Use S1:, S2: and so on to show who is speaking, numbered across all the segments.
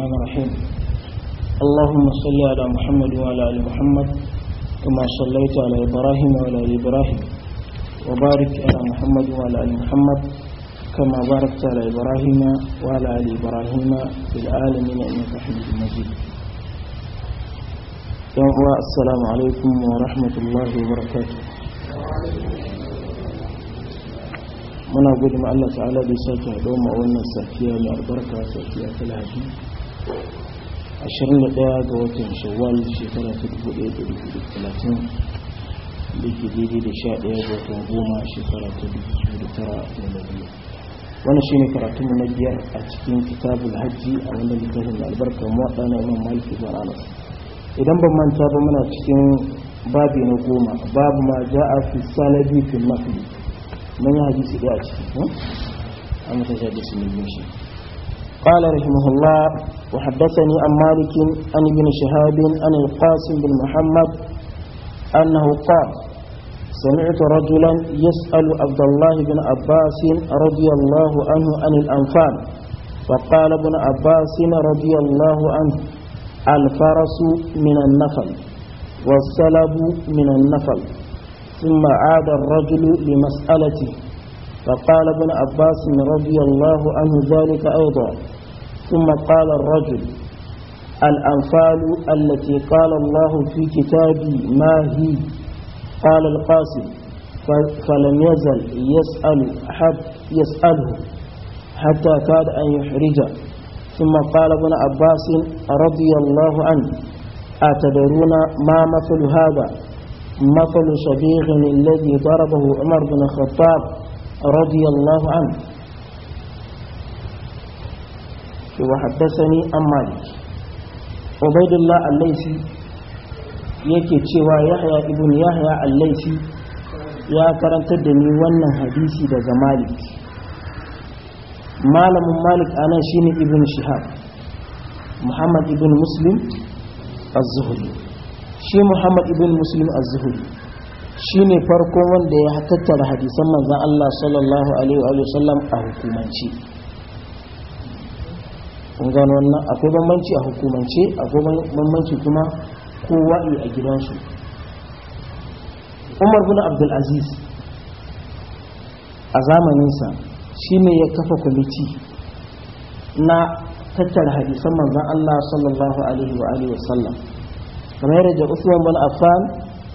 S1: الرحمن الرحيم اللهم صل على محمد وعلى ال محمد كما صليت على ابراهيم وعلى ال ابراهيم وبارك على محمد وعلى ال محمد كما باركت على ابراهيم وعلى ال ابراهيم في العالمين انك حميد مجيد السلام عليكم ورحمه الله وبركاته من أقول Allah الله تعالى sake دوم ma wannan safiya mai albarka safiya 21 ga watan shawwal shekara 1430 da ke daidai da 11 ga watan goma shekara ta 2009 miladiya wannan shine karatun na biyar a cikin kitabul hajji a wanda littafin da albarka mawaɗa na imam maliki ibn anas idan ban manta ba muna cikin babi na goma babu ma a fi salabi fi mafi mun yi su ɗaya a ciki an mutu shi hadisi mai shi قال رحمه الله وحدثني عن مالك عن ابن شهاب عن القاسم بن محمد أنه قال سمعت رجلا يسأل عبد الله بن عباس رضي الله عنه عن الأنفال وقال ابن عباس رضي الله عنه الفرس من النخل والسلب من النخل ثم عاد الرجل لمسألته فقال ابن عباس رضي الله عنه ذلك أيضا ثم قال الرجل الأنفال التي قال الله في كتابي ما هي قال القاسم فلم يزل يسأل حد يسأله حتى كاد أن يحرجه ثم قال ابن عباس رضي الله عنه أتدرون ما مثل هذا مثل شبيغ الذي ضربه عمر بن الخطاب رضي الله عنه وحدثني عن مالك عبيد الله الليثي yake cewa yahya ibn yahya al-laifi ya karantar da ni wannan hadisi daga malik malamin malik ana shine ibn shihab muhammad ibn muslim az-zuhri shi muhammad ibn muslim az-zuhri shine farko wanda ya tattara hadisan manzan Allah sallallahu alaihi wa sallam a hukumance. kun gano wannan akwai bambanci a hukumance akwai bambanci kuma kowa a gidansu umar bin abdul aziz a zamaninsa shine ya kafa kwamiti na tattara hadisan manzan Allah sallallahu alaihi wa sallam kamar yadda Usman bin Affan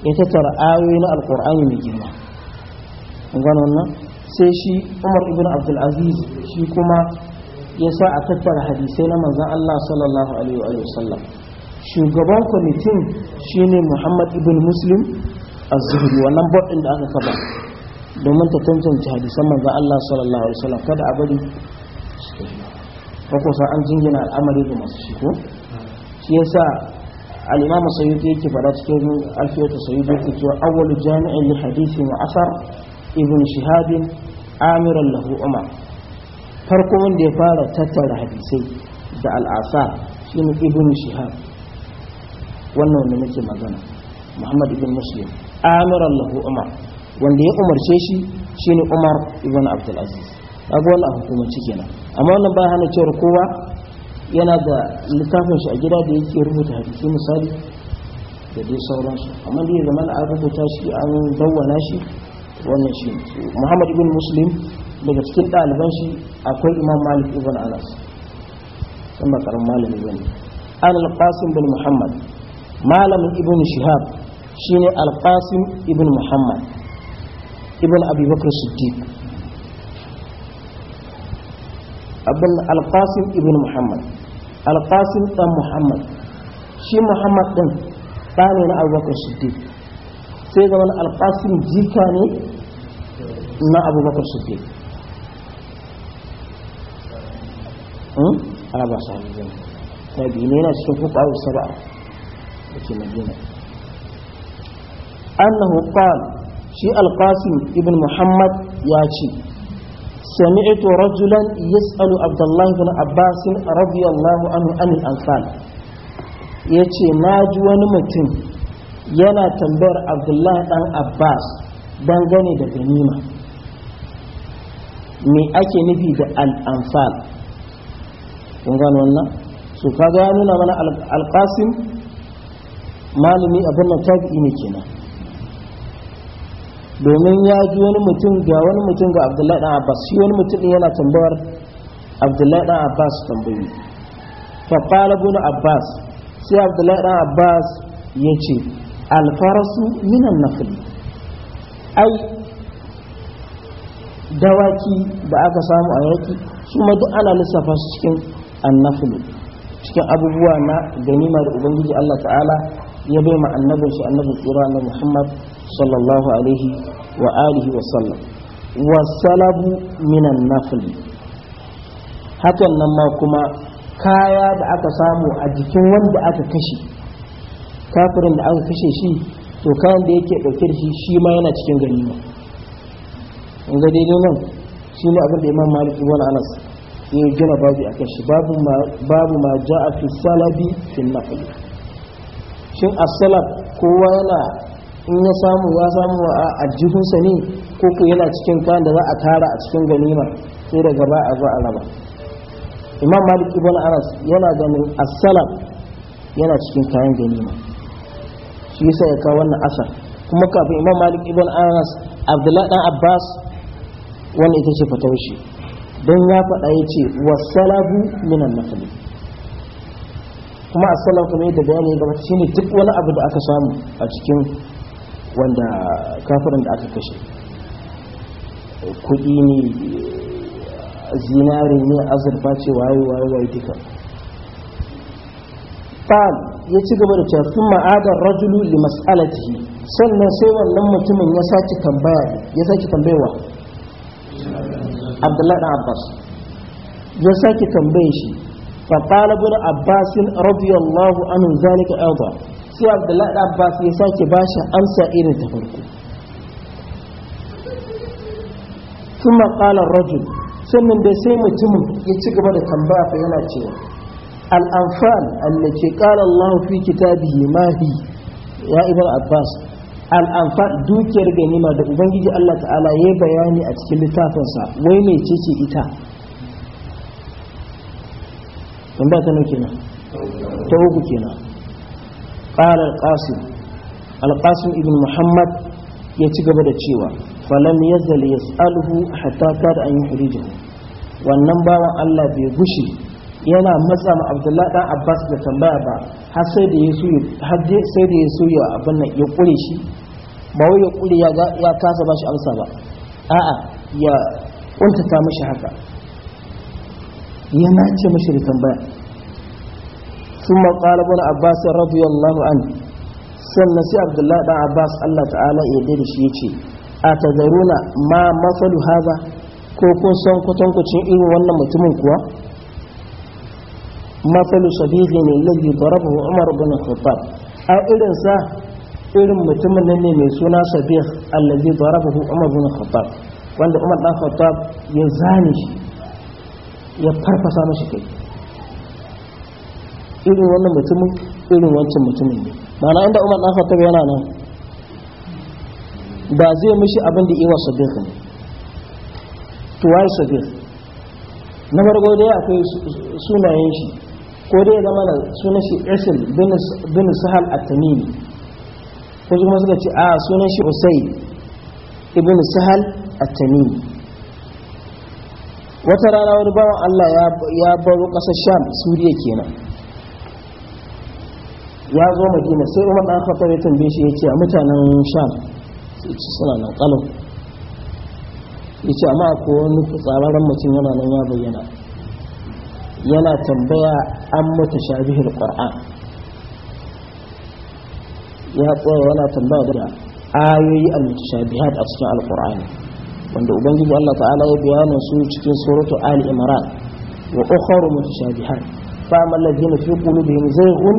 S1: ya tattara ayoyi na alkur'ani mai girma gano wannan sai shi umar ibn abdulaziz shi kuma ya sa a tattara hadisai na manzan allah sallallahu alaihi wa sallam shugaban kwamitin shine muhammad ibn muslim az-zuhri wannan bodin da aka kaba domin ta tantance hadisan manzan allah sallallahu alaihi wa sallam kada a bari ko kusa an jingina al'amari da masu ko shi yasa al-imam sayyidi yake fara cikin alfiyatu sayyidi yake cewa awwalu jami'in li hadisi wa asar ibn shihab amir lahu umar farko wanda ya fara tattara hadisai da al'asar shine ibn shihab wannan wanda nake magana muhammad ibn muslim lahu umar wanda ya umarce shi shine umar ibn abdul aziz kaga kenan amma wannan ba hana cewar kowa yana da littafin shi a gida da yake rubuta hadisi misali da dai sauransu amma dai zama an rubuta shi an dawwana shi wannan shi muhammad ibn muslim daga cikin ɗaliban shi akwai imam malik ibn anas sun ba karin malami bane an alƙasim bin muhammad malamin ibn shihab shine alƙasim ibn muhammad ibn abubakar siddiq abin alƙasim ibn muhammad alƙasim ɗan muhammad shi muhammad ɗin ɗa ne na abubakar siddiq sai zama alƙasim jika ne na abubakar siddiq hmm? ba su biyu ne yana cikin kuka saba'a da ke madina annahu qala shi alƙasim ibn muhammad ya ce سمعت رجلا يسأل عبد الله بن عباس رضي الله عنه عن الأنفال يتي ناجي ونمتن ينا تنبر عبد الله بن عباس dangane da ganima me ake nufi da al'amfal kun gano su kaga ya nuna mana alƙasim malami abin na kenan domin ya ji wani mutum ga wani mutum ga abdullahi dan abbas shi wani mutum din yana tambayar abdullahi dan abbas tambayi fa qala ibn abbas sai abdullahi dan abbas yace al farasu min an nafl ai dawaki da aka samu a yaki su ma duk ana lissafa su cikin an nafl cikin abubuwa na ganimar da ubangiji Allah ta'ala ya bai ma annabin shi annabin tsira na Muhammad sallallahu alaihi wa alihi wa والسلب من minan حتى hakan nan ma kuma kaya da aka samu a jikin wanda aka kashe kafirin da aka kashe shi to kayan da yake ɗauke da shi shi ma yana cikin ganima in ga daidai nan shi ne abin da imam malik ibn anas ya gina babu a kan shi babu ma ja'a fi salabi fi shin as-salab kowa yana in ya samu ya samu a ajihunsa ne ko ku yana cikin kayan da za a tara a cikin ganima sai daga ba a zo a raba imam malik ibn anas yana ganin assalam yana cikin kayan ganima shi yasa ya kawo wannan asar kuma kafin imam malik ibn anas abdullahi dan abbas wannan ita ce fataushi don ya faɗa ya ce wasalabu minan nafali kuma assalam kuma yadda bayani gaba shine duk wani abu da aka samu a cikin wanda kafirin da aka kashe kudi ne zinari ne azurfa ce waye waye waye duka fal ya ci gaba da cewa sun ma'adar rajulu li mas'alatihi sannan sai wannan mutumin ya sake tambaya ya saki tambayewa Abdullahi dan Abbas ya saki tambaye shi fa qala ibn Abbas radiyallahu anhu zalika aidan sai abdullahi da abbas ya sake ba shi amsa irin ta farko ثم maƙalar rajin sannan da sai mutumin ya ci gaba da tambaya fa yana cewa Allah anfal allati qala Allah fi kitabihi ma fi, ya ibar abbas al'amfan dukiyar ganima da ubangiji Allah ta'ala ya bayani a cikin littafinsa wai mai cece ita tambaya ta nau kenan ta uku kenan قال القاسم القاسم ابن محمد يتجب دتشيوا فلم يزل يسأله حتى كاد أن يخرجه wannan bawan Allah bai gushi yana matsa ma Abdullahi dan Abbas da tambaya ba har sai da yaso har sai da yaso ya abin nan ya kure shi ba wai ya kure ya ya kasa ba shi amsa ba a'a ya kuntata mishi haka yana ce mishi da tambaya ثم قال ابن عباس رضي الله عنه sannan sai abdullahi dan abbas allah ta'ala ya da shi yace a tazaruna ma masalu haza ko kun san kwatankwacin irin wannan mutumin kuwa masalu shabihi ne lalli barabahu umar bin khattab a irin sa irin mutumin nan ne mai suna shabih allazi barabahu umar bin khattab wanda umar ya zane ya mashi kai irin wannan mutumin irin wancan mutumin ne mana inda umar dan khattab yana nan ba zai mishi abin da iwa sabir ne tuwai sabir sadiq na farko dai akwai sunayen shi ko dai zama da sunan shi isil bin sahal at-tamimi ko kuma suka ce a sunan shi usai ibn sahal at-tamimi wata rana wani bawan Allah ya baro ƙasar sham suriya kenan ya zo madina sai umar dan khattab ya tambaye shi yace a mutanen sham suna nan ya yace amma ko wani tsararren mutum yana nan ya bayyana yana tambaya an mata shabihul qur'an ya tsaya yana tambaya da ayoyi al-mutashabihat a cikin al wanda ubangiji Allah ta'ala ya bayyana su cikin suratu ali imran wa ukhra mutashabihat fa amma alladhina fi qulubihim zayghun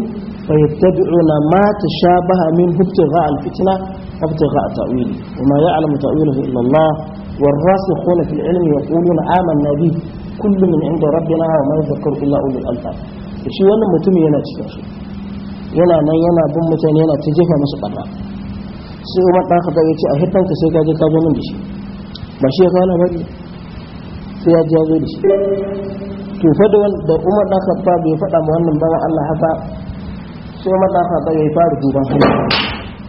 S1: فيتبعون ما تشابه من ابتغاء الفتنة ابتغاء تأويله وما يعلم تأويله إلا الله والراسخون في العلم يقولون آمن نبي كل من عند ربنا وما يذكر إلا أولي الألفاب الشيء وانا متمي ينا تشتغشي ينا نينا ينا بمتين ينا تجيفة مصبرة سي أمان طاقة ويتي أهدنا تسيكا جيكا جمين بشي بشي قال أبدي سيا جاوي بشي توفدوا دا أمان طاقة بابي فتا مهنم بابا الله حفا sai matasa ba ya yi fara duban hannu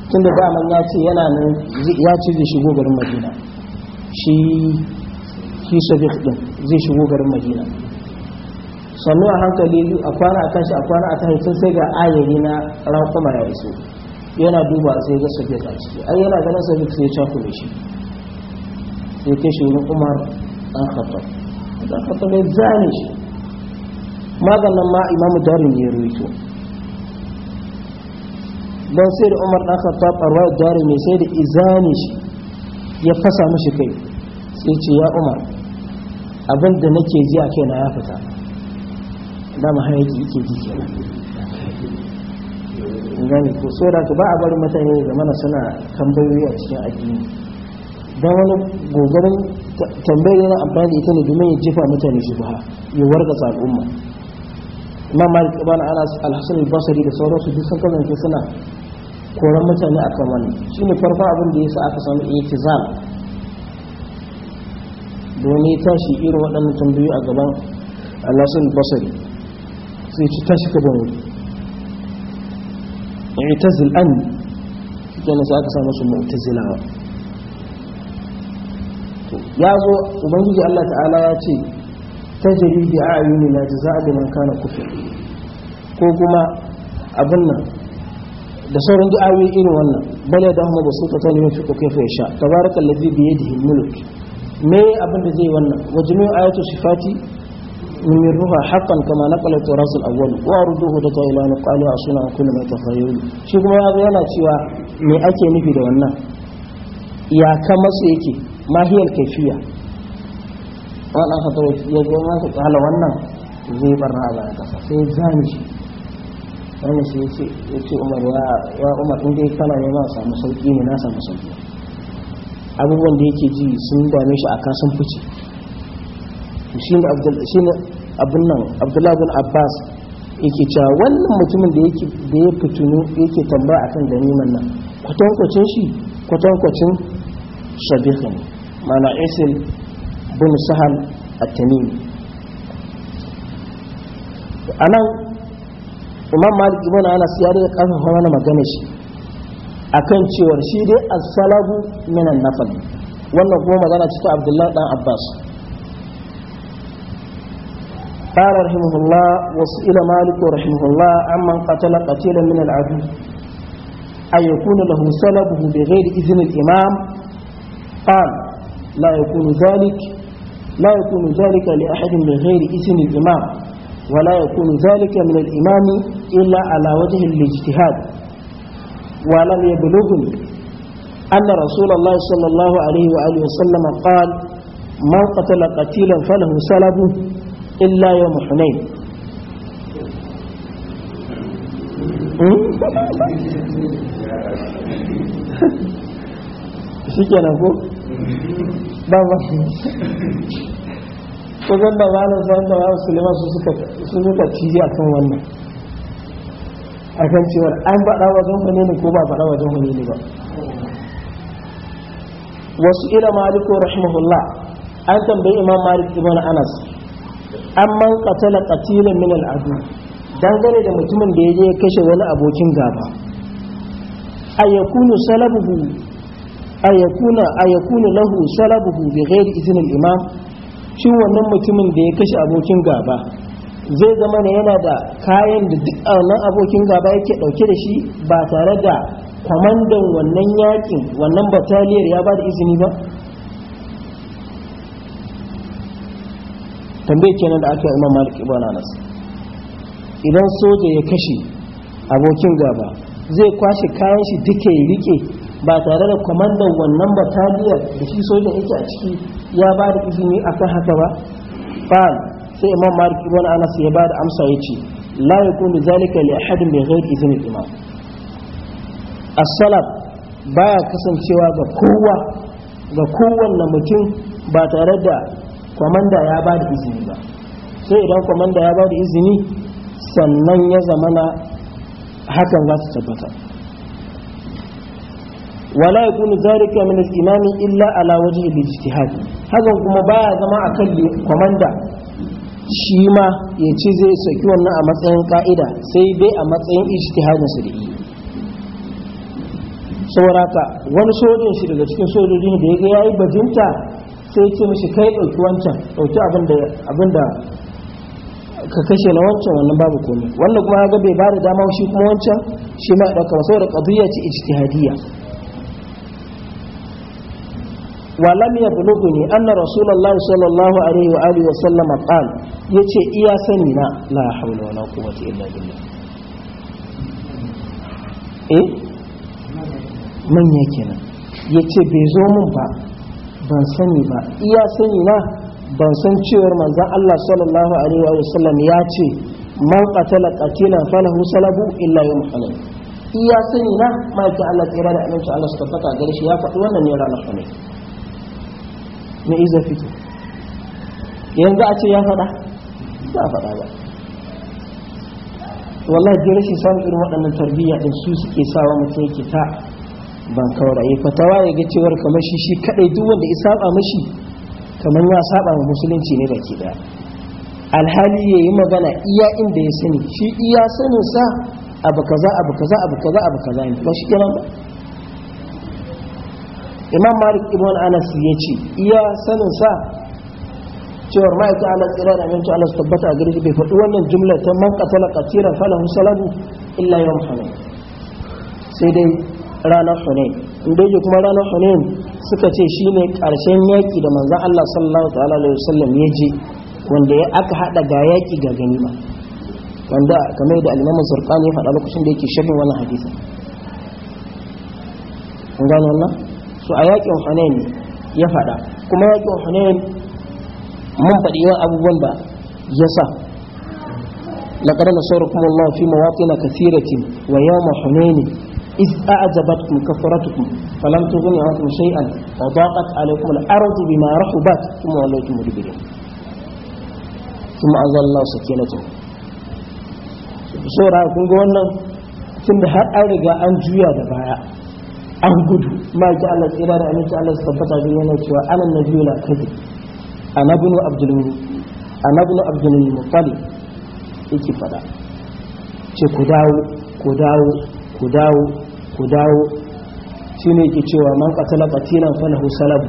S1: tun da daman ya ce yana nan ya ce zai shigo garin madina shi shi sadiq din zai shigo garin madina sannu a hankali a kwana a tashi a kwana a tashi sun sai ga ayyari na ran kuma ya iso yana duba sai ga sadiq a ciki ai yana ganin sadiq sai ya cakule shi sai kai shi wurin umar dan khattab dan khattab ya zane shi maganin ma imamu darin ya ruwaito don sai da umar ɗan khattab arwa jari mai sai da izani shi ya fasa mishi kai sai ce ya umar abin da nake ji a kaina ya fita dama hayaki ke ji ke nan gani ko sai da ba a bari mutane da mana suna tambayoyi a cikin addini don wani gogarin tambayar yana amfani da ita ne domin ya jefa mutane shi ba ya warga al'umma imam malik ibn anas al al-basri da sauransu duk sun kasance suna koran mutane a akan shi ne farko abin da ya sa aka samu ihtizam domin tashi irin waɗannan tambayoyi a gaban Alhassan Basri sai ci tashi ka bani i'tazil an kenan sai aka samu su mu'tazilawa ya zo ubangiji Allah ta'ala ya ce tajri bi a'yunina jaza'a liman kana kufur ko kuma abin nan da sauran du'awi irin wannan bala da ahmadu basuta ta limin fiƙo kai fayyasha tabarakal ladhi bi yadihi mulk me abin da zai wannan wa jami'u ayatu sifati من يرها حقا كما نقل التراث الاول واردوه دتا الى ان قال اصنع كل ما تخيل shi kuma ya yana cewa me ake nufi da wannan ya kama su yake mahiyar kaifiya wannan ka ya ga wannan zai barna a kasa sai zani shi Wani sai ya ce ya ce umar ya umar inda ya kana ne ma samu sauƙi ne na samu sauki abubuwan da yake ji sun dame shi a kasan fice shi ne abin nan abdullahi bin abbas yake cewa wannan mutumin da yake da ya fitinu yake tambaya akan ganiman nan kwatankwacin shi kwatankwacin shabihin mana isil bin sahal at a nan. imam malik ibn anas ya dai hawa na magana shi akan cewar shi dai as-salabu an nafal wannan kuma magana ce ta abdullahi dan abbas قال رحمه الله وسئل مالك رحمه الله عمن قتل قتيلا من العدو أن يكون له سلبه بغير إذن الإمام قال لا يكون ذلك لا يكون ذلك لأحد بغير إذن الإمام ولا يكون ذلك من الإمام إلا على وجه الاجتهاد ولم يبلغني أن رسول الله صلى الله عليه وآله وسلم قال من قتل قتيلا فله سلبه إلا يوم حنين shi kenan ko wajen da malam sa'ad da malam suleiman su suka su suka cije akan wannan kan cewar an faɗa wajen hane ne ko ba faɗa wajen hane ne ba wasu ila maliku rahimahullah an tambayi imam malik ibn anas an man qatala qatilan min al-adu dangane da mutumin da ya je kashe wani abokin gaba ayakunu salabuhu ayakuna ayakunu lahu salabuhu bi ghairi izinin imam shin wannan mutumin da ya kashe abokin gaba zai zama ne yana da kayan da duk wannan abokin gaba yake dauke da shi ba tare da kwamandan wannan yakin wannan bataliyar ya ba da izini ba tambaye kenan da aka yi imam malik ibn anas idan soja ya kashe abokin gaba zai kwashe kayan shi duka ya rike ba tare da kwamandan wannan bataliyar da shi sojan yake a ciki ya ba da izini a kan haka ba fa'al sai imam malik ibn anas ya ba da amsa ya ce la yakunu zalika li ahadin bi zai izni imam as-salat baya kasancewa ga kowa ga kowanne mutum ba tare da kwamanda ya ba da izini ba sai idan kwamanda ya ba da izini sannan ya zamana hakan za su tabbata wala yakunu zalika min al-imam illa ala wajhi al-ijtihad hakan kuma baya zama akan komanda shi ma ya ce zai saki wannan a matsayin ka'ida sai dai a matsayin ijtihadin su da yi saboda wani sojin shi daga cikin sojojin da ya ga yayi bajinta sai ce mishi kai ɗauki wancan ɗauki abin da ka kashe na wancan wannan babu komai wannan kuma ga bai ba da dama shi kuma wancan shi ma ɗauka da ƙaduyya ce ijtihadiyya ولم يبلغني أن رسول الله صلى الله عليه وآله وسلم قال يتي إيا سننا لا حول ولا قوة إلا بالله إيه من يكنا يتي بيزوم با ban sani ba iya na ban san cewar manzan Allah sallallahu ya ce man qatala qatilan falahu salabu illa yawm halal iya na ma ta Allah tsira da ya faɗi ne na izar fito yanzu a ce ya faɗa ba a faɗa ba wallahi da rashin samun irin waɗannan tarbiyya ɗin su suke sawa mutum yake ta ban kawar kauraye fatawa ya ga cewar kamar shi shi kaɗai duk wanda ya saba mashi kamar ya saba wa musulunci ne da ke da alhali ya yi magana iya inda ya sani shi iya saninsa abu kaza abu kaza abu kaza abu kaza ne ba shi kenan ba imam malik ibn anas ya ce iya sanin sa cewar ma'aiki ala tsira da aminci ala su tabbata a gare shi bai faɗi wannan jumla ta man qatala katira falahu salabu illa yawm hunain sai dai ranar hunain inda yake kuma ranar hunain suka ce shine karshen yaki da manzon Allah sallallahu ta'ala alaihi wasallam ya je wanda ya aka hada ga yaki ga ganima wanda kamar da al-Imam ya faɗa lokacin da yake shirin wannan hadisi gano wannan to a yakin hunain ya faɗa kuma yakin hunain mun faɗi yawan abubuwan da ya sa لقد نصركم الله في مواطن كثيرة ويوم حنين إذ أعجبتكم كفرتكم فلم تغني عنكم شيئا وضاقت عليكم الأرض بما رحبت ثم وليتم مدبرين ثم أنزل الله سكينته saura kun ga wannan tun da har an riga an juya da baya an gudu ma ji Allah tsira da aminci Allah su tabbata zai yana cewa anan na nabiyyu la kadhi anabnu abdul anabnu abdul muttalib yake fada ce ku dawo ku dawo ku dawo ku dawo shi ne yake cewa man qatala qatilan fana salab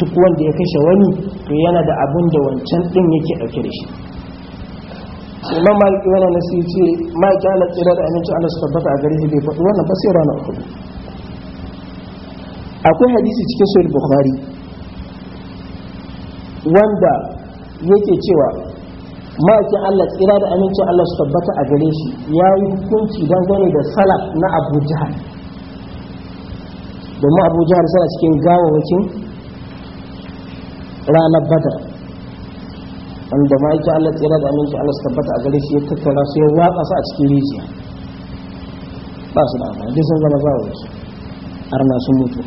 S1: duk wanda ya kashe wani to yana da abun da wancan din yake dauke da shi imam malik yana nasi ce ma kyala tsira da aminci Allah su tabbata a gare bai faɗi wannan ba sai ranar hudu akwai hadisi cikin sahih bukhari wanda yake cewa ma'aikin Allah tsira da amincin Allah su tabbata a gare shi ya yi hukunci dangane da salaf na Abu Jahal domin Abu Jahal suna cikin gawawakin ranar Badar wanda ma'aikin Allah tsira da amincin Allah su tabbata a gare shi ya tattara su ya watsa su a cikin rijiya ba su da amfani duk sun zama wasu har na sun mutu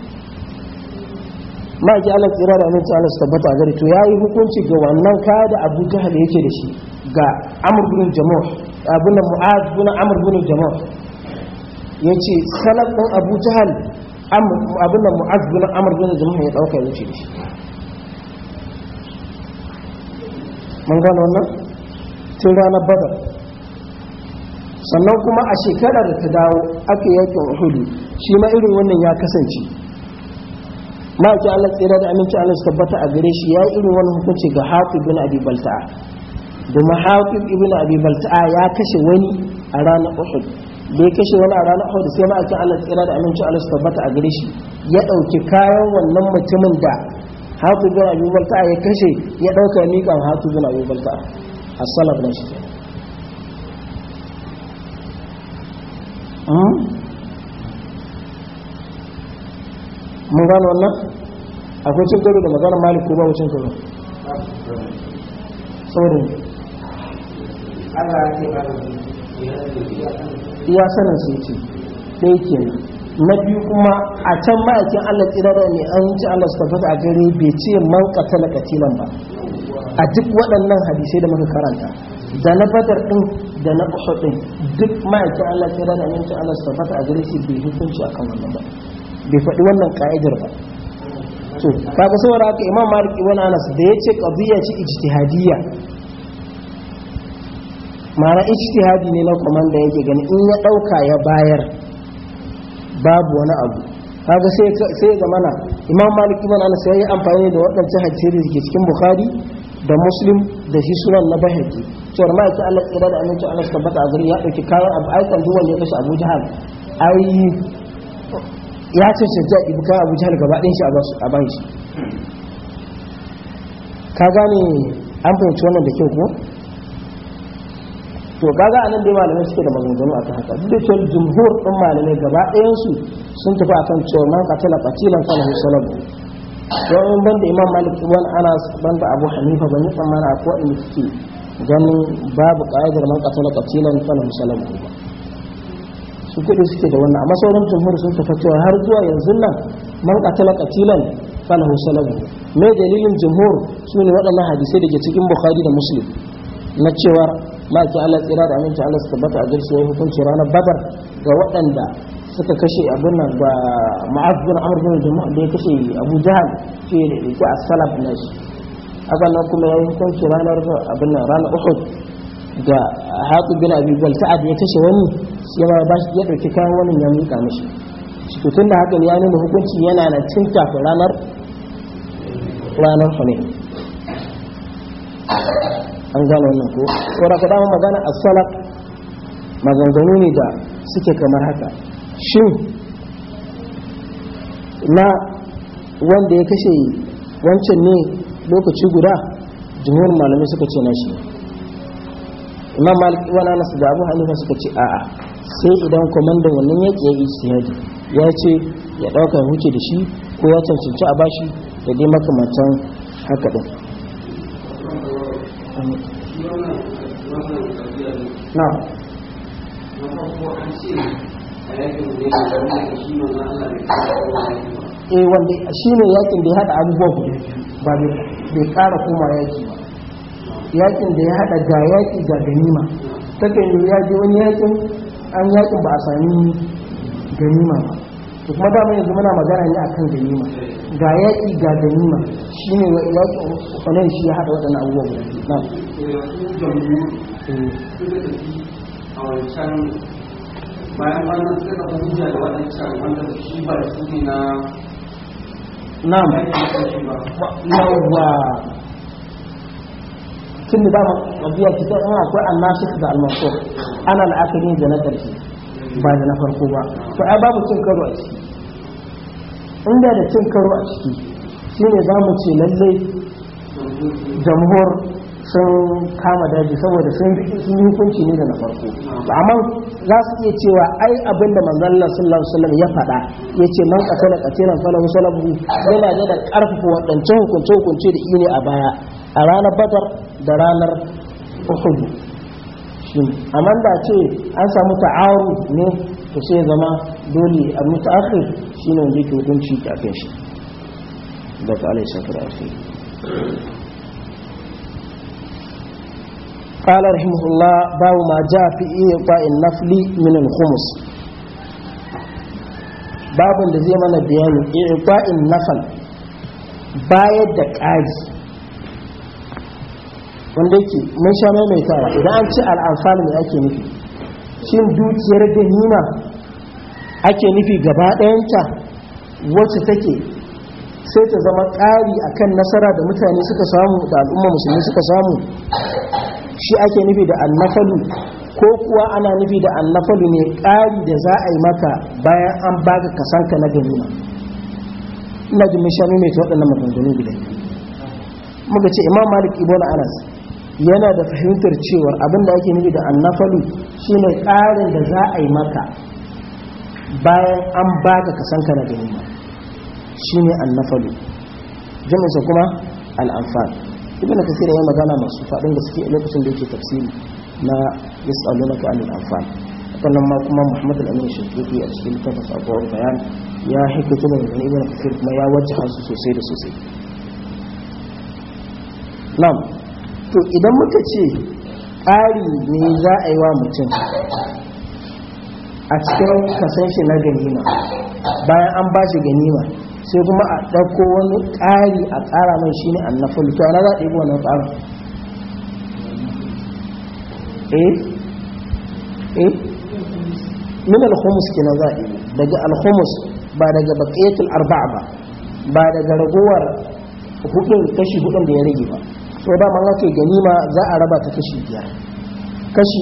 S1: ma ji Allah tsira da aminci Allah tabbata a gare to yayi hukunci ga wannan kaya da Abu Jahal yake da shi ga Amr bin Jamuh abun Mu'az bin Amr bin Jamuh yace salaf din Abu Jahal abin da mu'az bin ya dauka ya ce shi mun gano wannan tun ranar badar sannan kuma a shekarar da ta dawo aka yakin hudu shi ma irin wannan ya kasance ce Allah tsira da aminci Allah su tabbata a gare shi ya irin wani hukunci ga Hatib bin Abi Balta'a domin Hatib ibn Abi Balta'a ya kashe wani a ranar Uhud da ya kashe wani a ranar Uhud sai ma'aikin Allah tsira da aminci Allah su tabbata a gare shi ya ɗauki kayan wannan mutumin da Hatib bin Abi Balta'a ya kashe ya ɗauka miƙa Hatib bin Abi Balta'a a salaf na shi hmm? mun gano wannan akwai cin karo da maganar malik ko babu cin karo saboda ya sanin su ce sai ke na biyu kuma a can ma'aikin allah tsirara ne an ji allah su tabbata a gare bai ce man katala katilan ba a duk waɗannan hadisai da muka karanta da na badar ɗin da na uhud ɗin duk ma'aikin allah tsirara ne an ji allah su tabbata a gare shi bai hukunci kan wannan ba bai faɗi wannan ka'idar ba to kaga saboda haka imam malik ibn anas da yace qadiyya ce ijtihadiyya mara ijtihadi ne na komanda yake gani in ya ɗauka ya bayar babu wani abu kaga sai sai ga mana imam malik ibn anas yayi amfani da waɗancan hadisi da ke cikin bukhari da muslim da shi sunan na bahaji cewar ma yake Allah ya da aminci Allah tabbata a gari ya dauki kayan abu aikan zuwa ne ya kashe Abu Jahal ayi ya ce a ibi kayan abu jihar gaba ɗin shi a ban shi ka gane an fahimci wannan da kyau ku to za a nan dai malamai suke da a akan haka duk da cewa jumhur ɗin malamai gaba su sun tafi akan cewa man qatala qatilan fa lahu salam don ban da imam malik wani ana ban da abu hanifa ban yi tsammani ko inda suke ganin babu ƙa'idar man qatala qatilan fa lahu ba su kudu suke da wannan amma sauran jumhur sun tafi cewa har zuwa yanzu nan man qatala qatilan falahu salamu me dalilin jumhur sune waɗannan hadisai da ke cikin bukhari da muslim na cewa maki Allah tsira da aminci Allah su tabbata a sai ya hukunci ranar babar ga waɗanda suka kashe abin nan ba ma'az bin amr bin da ya kashe abu jahal ce da yake a salaf na shi nan kuma ya hukunci ranar abin nan ranar uhud da haƙu bin abubuwan sa'ad ya kashe wani ya ba shi ya ɗauki kayan wani ya miƙa mishi to tun da hakan ya nuna hukunci yana na cin kafin ranar ranar an gano wannan ko saboda ka dama magana a salaf maganganu ne da suke kamar haka shin na wanda ya kashe wancan ne lokaci guda jumhur malamai suka ce na shi imam malik ibn anas da abu hanifa suka ce a'a sai idan kwamandan wannan yaki su ijtihadi ya ce ya dauka huce da shi ko ya cancanci a bashi da dai makamantan haka din na eh wanda shi ne yakin da ya haɗa abubuwa ba bai ƙara koma yaki ba yakin da ya hada ga yaki ga ganima ta kan ya je wani yakin an yakin ba a sami ganima ba to kuma dama yanzu muna magana ne akan ganima ga yaki ga ganima shine yaki wannan shi ya hada waɗannan abubuwa guda
S2: na'am bayan wannan suka kafa hujja da waɗancan wanda shi ba su ne na na'am ba.
S1: tun da dama wadiya kita in ah, akwai annasikh da al almansukh ana la'akari da na karshe ba da na farko ba to ai babu cin karo a ciki inda da cin karo a ciki shine za mu ce lallai jamhur sun kama daji saboda sun yi hukunci ne da na farko amma za su iya cewa ai abin da manzalla sallallahu alaihi ya faɗa ya ce man qatala qatilan falahu salabu yana da karfafa wadancan hukunce hukunce da ne a baya a ranar badar da ranar uhud shi amma da ce an samu ta'aru ne to sai zama dole a mutaakhir shine wanda yake hukunci kan shi da ta alai safar akhir قال رحمه الله باب ما جاء في إيقاء النفل من الخمس باب الذي من بيان إيقاء النفل بايد دكاجي wanda yake mun sha maimaitawa idan an ci al'amfal mai ake nufi shin dukiyar ganima ake nufi gaba ɗayanta wacce take sai ta zama ƙari a kan nasara da mutane suka samu da al'umma musulmi suka samu shi ake nufi da annafalu ko kuwa ana nufi da annafalu ne ƙari da za a yi maka bayan an baka kasanka na ganima ina jin mun sha maimaita waɗannan maganganu guda muka ce imam malik ibn anas yana da fahimtar cewar abin da ake nufi da annafalu shine ƙarin da za a yi maka bayan an baka kasanka na ganima shine annafalu jami'sa kuma al'amfal ibn kasir ya magana masu faɗin suke lokacin da yake tafsiri na yas'alunaka anil anfal sannan ma kuma Muhammad al-Amin Shinkifi a cikin littafin sabuwar bayan ya hikita da wani ibn kasir kuma ya wajha su sosai da sosai na'am to idan muka ce ƙari ne za a yi wa mutum a cikin kasan shi na ganima bayan an ba shi ganima sai kuma a ɗauko wani ƙari a tsara mai shi ne annafin to ana za a ɗigo wannan tsara? eh eh min alhumus kenan za a daga daga alhumus ba daga baƙiyatul arba'a ba ba daga ragowar hudun kashi hudun da ya rage ba so dama an ce ganima za a raba ta kashi biyar kashi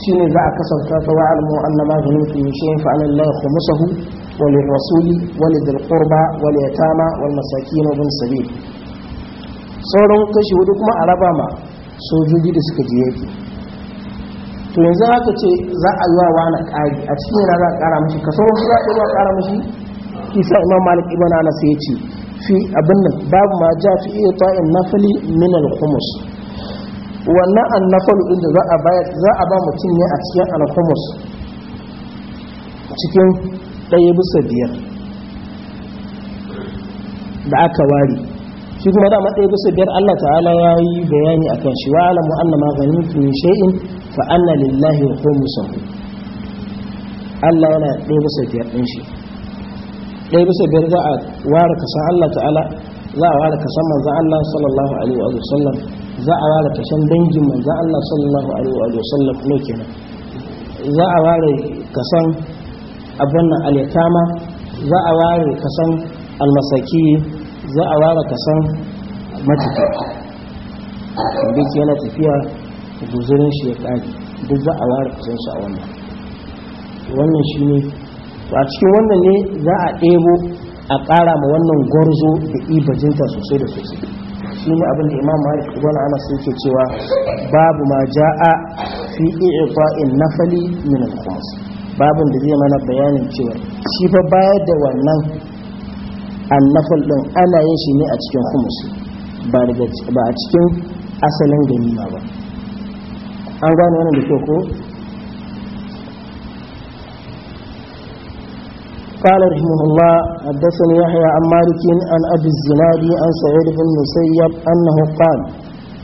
S1: shi ne za a kasanta ta wa almu annama ganimtum min shay'in fa anallahu khumsahu wa rasuli wa lidil qurba wal yatama wal masakin wa bin sabil sauran kashi hudu kuma a raba ma sojoji da suka jiye yaki to yanzu ka ce za a yi wa wani ƙari a cikin yana za a ƙara mashi kaso wasu za a ƙara mashi kisa imam malik ibn anas ya ce fi abin nan babu ma ja fi iya ta'in nafali min khumus wannan annafalu din da za a bayar za a ba mutum ne a cikin al-khumus cikin ɗaya bisa biyar da aka ware shi kuma dama ɗaya bisa biyar Allah ta'ala ya yi bayani a kan shi wa alamu anna ma ghanimtum min Allah yana ɗaya bisa biyar ɗin shi ɗaya bisa biyar za a ware kasan Allah ta'ala za a ware kasan manzan Allah sallallahu alaihi wa sallam za a ware kasan dangin manzan Allah sallallahu alaihi wa sallam ne kenan za a ware kasan abin nan alyatama za a ware kasan almasaki za a ware kasan matafi da ke yana tafiya guzurin shi ya duk za a ware kasan shi a wannan wannan shi To a cikin wannan ne za a ɗebo a ƙara ma wannan gwarzo da ibajinta sosai da sosai shi ne abinda da imam malik ibn anas yake cewa babu ma ja'a fi i'ta'in nafali min al-khums babin da zai mana bayanin cewa shi fa bayar da wannan annafal din ana yin shi ne a cikin khums ba a cikin asalin ganima ba an gane wannan da kyau ko قال رحمه الله حدثني يحيى عن مالك عن ابي الزناد عن سعيد بن المسيب انه قال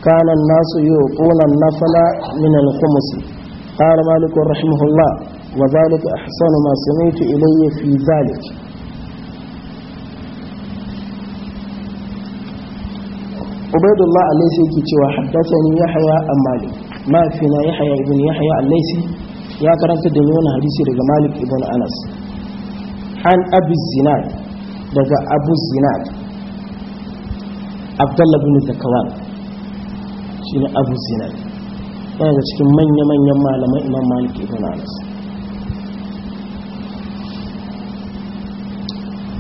S1: كان الناس يوقون النفل من الخمس قال مالك رحمه الله وذلك احسن ما سمعت الي في ذلك عبيد الله الليثي كتوى حدثني يحيى عن مالك ما فينا يحيى بن يحيى الليثي يا كرنت دمون حديثي رجع مالك ابن انس an abu zinad daga abu zinad abdullah bin zakawan shi ne abu zinad yana da cikin manya-manyan malaman imam malik ibn anas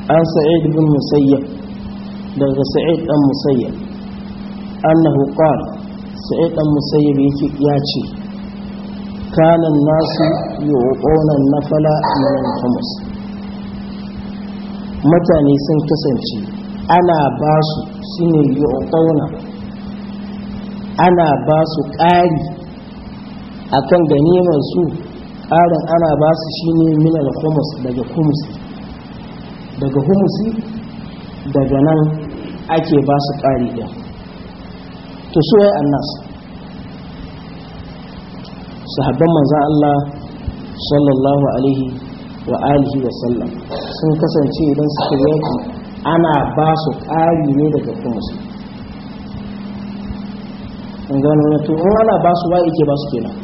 S1: an sa'id bin musayyab daga sa'id dan musayyab annahu qala sa'id dan musayyab yake ya ce kana nasu yu'qona nafala min al-khumus mutane sun kasance ana ba su shine yu'tauna ana ba su ƙari akan ganimar su ƙarin ana ba su shine minal khumus daga khumusi daga khumusi daga nan ake ba su ƙari ɗin to su wai annas haɗin manzan Allah sallallahu alaihi wa alihi wa sallam sun kasance idan suka yaki ana ba su ƙari ne daga kumus in gano na to in ana ba su waye ke ba su kenan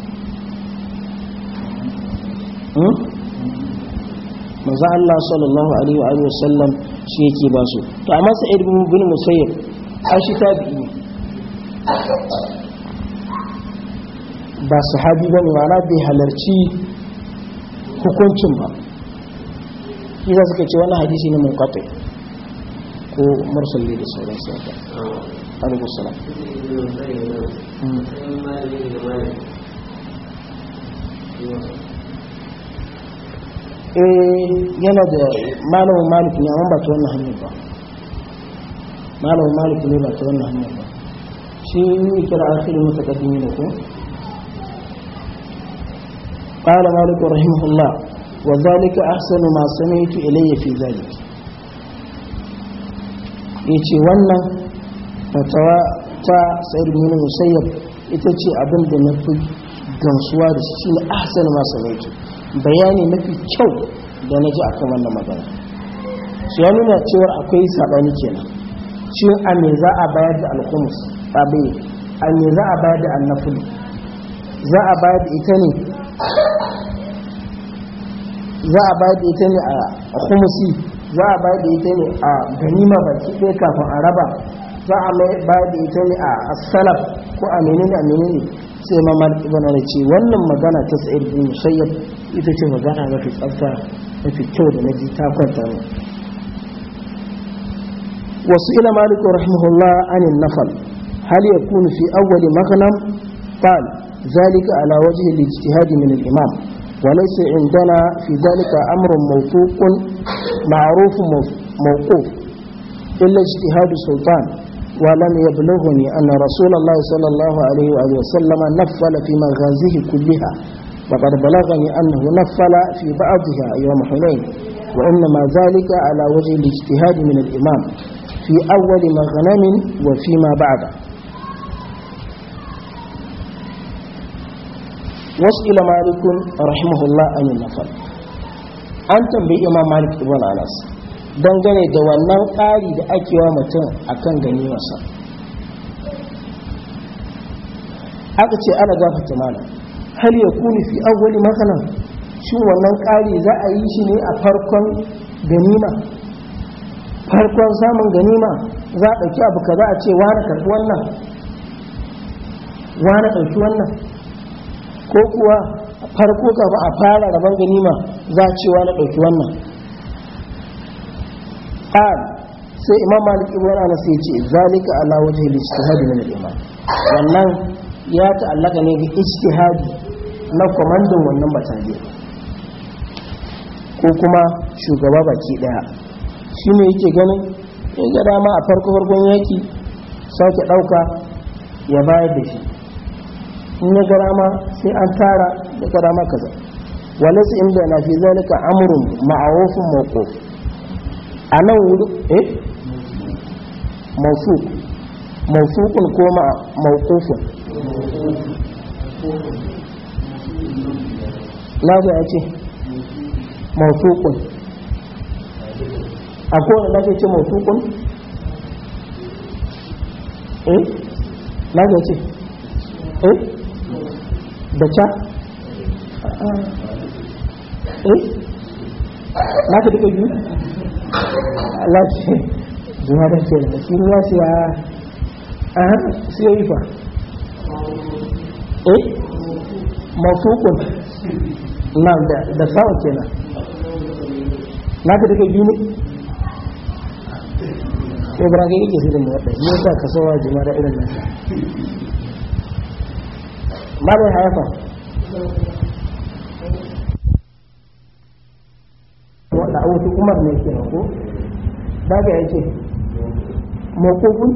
S1: hmm? maza Allah sallallahu alaihi wa sallam shi yake ba su to amma sai ibn bin musayyib ashi tabi'i ba sahabi ba ne na bai halarci hukuncin ba shi suka ce wani hadisi ne mun kwafe ko mursalli da sauran sauka alaikum salam eh, yana da malamin malik ne ba ta wannan hanyar ba malamin malik ne ba ta wannan hanyar ba shi ne kira asirin masa ƙarfi ne ko قال مالك رحمه الله وذلك أحسن ما سمعت إلي في ذلك yace wannan fatawa ta sayar mini ita ce abin da na fi gamsuwa da shi ne ahsan ma samaitu bayani mafi kyau da na ji akan wannan magana su ya cewar akwai saɓani kenan shi a me za a bayar da alkumus a me za a bayar da annafulu za a bayar da ita ne za a bayar da ita ne a kumusi za a bayar da ita ne a ganima baki ɗaya kafin a raba za a bayar da ita ne a asalaf ko a menene a menene sai ma malik ibn da ce wannan magana ta sa'id da musayyab ita ce magana mafi tsafta mafi kyau da ji ta kwanta ne wasu ila maliku rahimahullah anin nafal hal yakunu fi awwali maganan qal ذلك على وجه الاجتهاد من imam وليس عندنا في ذلك أمر موثوق معروف موقوف إلا اجتهاد السلطان ولم يبلغني أن رسول الله صلى الله عليه وآله وسلم نفل في مغازيه كلها وقد بلغني أنه نفل في بعضها يوم حنين وإنما ذلك على وجه الاجتهاد من الإمام في أول مغنم وفيما بعده وسئل مالك رحمه الله yi النفل an tambayi imam malik ibn anas dangane da wannan ƙari da ake wa mutum a kan ganimarsa aka ce ana gafata mana hal ya kuni fi awwali makana shi wannan ƙari za a yi shi ne a farkon ganima farkon samun ganima za a ɗauki abu za a ce wani karɓi wannan ɗauki wannan ko kuwa farko ba a fara rabon ganima za a cewa na ɗauki wannan ƙar sai imam malik ibn anas sai ce zalika ala wajen al-ijtihad na wannan ya ta'allaka ne ga ijtihadi na kwamandan wannan bataliyar ko kuma shugaba baki ɗaya shi ne yake ganin ya ga dama a farko farkon yaki sauke ɗauka ya bayar da shi na garama sai an tara da garama kaza walaysa inda na fi zalika amrun ma'rufun A anan wuri eh mawsuq mawsuqun ko ma mawqufun lafiya ya ce mawsuqun a kowane da ke ce mawsuqun eh lafiya ce eh da eh na ka duka biyu zuwa da ke da siya yi fa
S2: eh mafukun na da sawa kenan
S1: na ka duka biyu ne sai bara ga yake mu wadda yasa jima'a da irin mala haifa wanda a kuma ne ke ko daga ya ce ko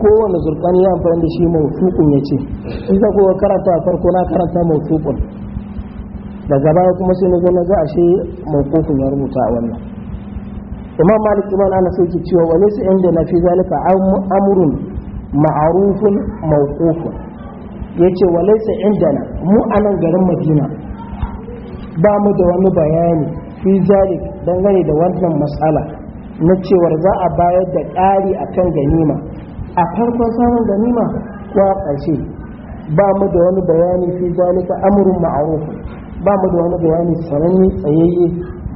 S1: kowane zurkani ya amfani da shi mawfukun ya ce in za kowa karanta a farko na karanta mawfukun daga baya kuma sai na za a shi ashe kofin ya rubuta a wannan imam malik imam ana sai ke cewa wani su inda na fi zalika amurin. ma'arufin mawqufun yace walaysa indana mu anan garin madina ba mu da wani bayani fi zalik dangane da wannan matsala na cewar za a bayar da ƙari akan ganima a farkon samun ganima ko a ƙarshe ba mu da wani bayani fi zalika amrun ma'arufu ba mu da wani bayani sananne tsayayye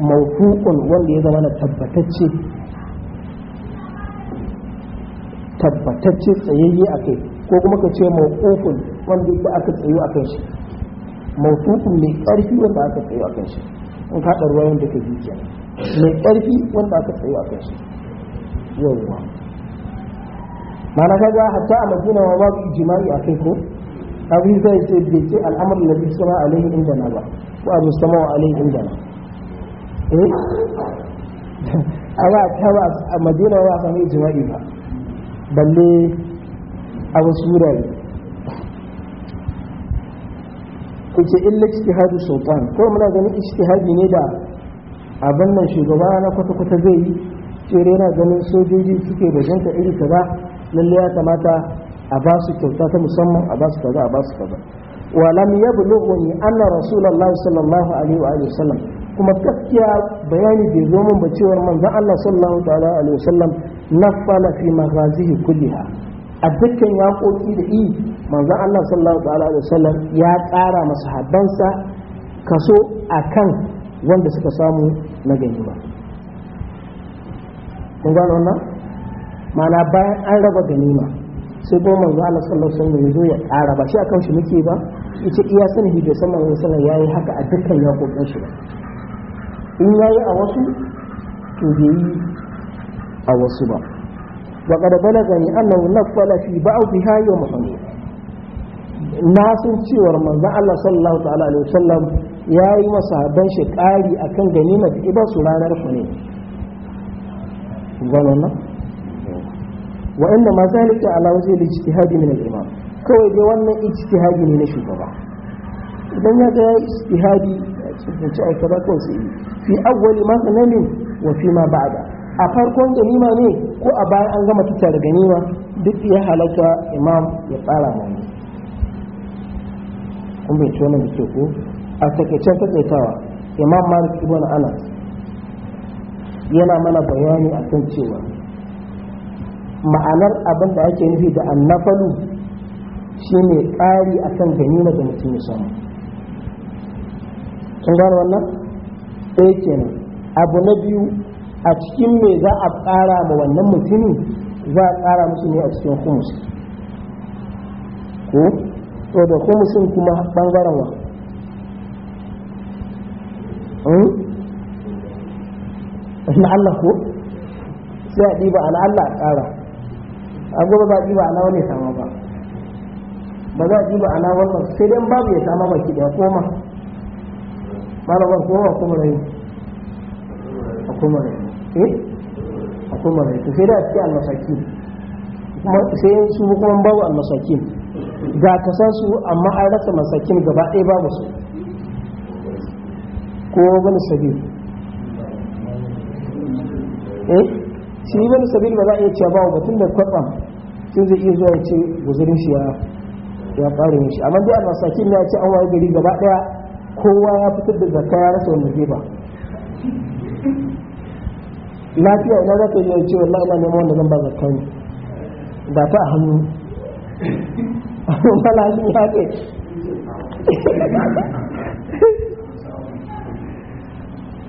S1: mawfuqun wanda ya zama na tabbatacce tabbatacce tsayayye a kai ko kuma ka ce mawqufun wanda yake aka tsayo a kan shi mawqufun mai ƙarfi wanda aka tsayo a kan shi in ka ɗarwa wanda ka zuciya mai ƙarfi wanda aka tsayo a kan shi yawwa mana kaga hatta a madina ma babu jima'i a kai ko abin zai ce bai ce al'amarin da bisa ma alaihi inda na ba ko abu sama wa alaihi inda na eh a ba ta ba a madina ba a sami ba balle a wasu wurare kuke illa ciki ijtihadu sultan ko muna ganin ciki ijtihadi ne da abin nan shugaba na kwata-kwata zai yi tsere yana ganin sojoji suke bajanta iri kaza lalle ya kamata a ba su kyauta ta musamman a ba su kaza a ba su kaza ولم يبلغني أن رسول الله صلى الله عليه وآله sallam kuma gaskiya bayani bai zo min ba cewar manzon Allah sallallahu ta'ala alaihi wasallam naffala fi maghazihi kulliha a dukkan yaƙoƙi da yi manzon Allah sallallahu alaihi wasallam ya tsara masahabbansa kaso akan wanda suka samu na ganima kun gano wannan mana bayan an raba ganima sai kuma manzo Allah sallallahu alaihi wasallam ya zo ya ƙara ba shi akan shi muke ba ita iya sanin bai san manzo sallallahu yayi haka a dukkan yaƙoƙin shi ba in yayi a wasu to bai yi a wasu ba wa qad balagani annahu nafala fi ba'dha yawm hunain na sun cewar manzon Allah sallallahu ta'ala alaihi wasallam yayi masahaban shi kari akan ganimar ibar su ranar hunain gano nan wa inda ma zalika ala wajhi al-ijtihad min al-imam kawai dai wannan ijtihadi ne na shugaba idan yaga ya ga ijtihadi a cikin aikata kawai sai fi awwali ma tsananin wa fi ma ba'da a farkon ganima ne ko a bayan an gama tuta da ganima duk ya halatta imam ya tsara mai kun bai ci wannan da ko a takaicen takaitawa imam malik ibn anas yana mana bayani akan cewa ma'anar abin da ake nufi da annafalu shi shine ƙari akan ganima da mutum ya samu kun gano wannan ɗaya eh kenan abu na biyu a cikin me za a ƙara ma wannan mutumin za a ƙara musu ne a cikin humus ko to da humusin kuma ɓangaren wa hmm? Allah ko sai a ɗiba ala Allah a ƙara a gobe ba ɗiba ala wani sama ba ba za a ɗiba ala wannan sai dai babu ya sama baki da koma malaman koma kuma rai a kuma rai eh akwai malaiku sai da a cikin almasaki sai su kuma babu almasaki ga kasan su amma an rasa masakin gaba ɗaya ba su ko wani sabi eh shi wani sabi ba za a iya cewa ba batun da kwatsam sun zai iya zuwa ce guzurin shi ya ƙarin shi amma dai almasakin ya ce an waye gari gaba ɗaya kowa ya fitar da zakka ya rasa wani zai ba lafiya ina za ka iya cewa wallahi ne neman wanda zan ba za ka yi da ta hannu wala lafi ya ce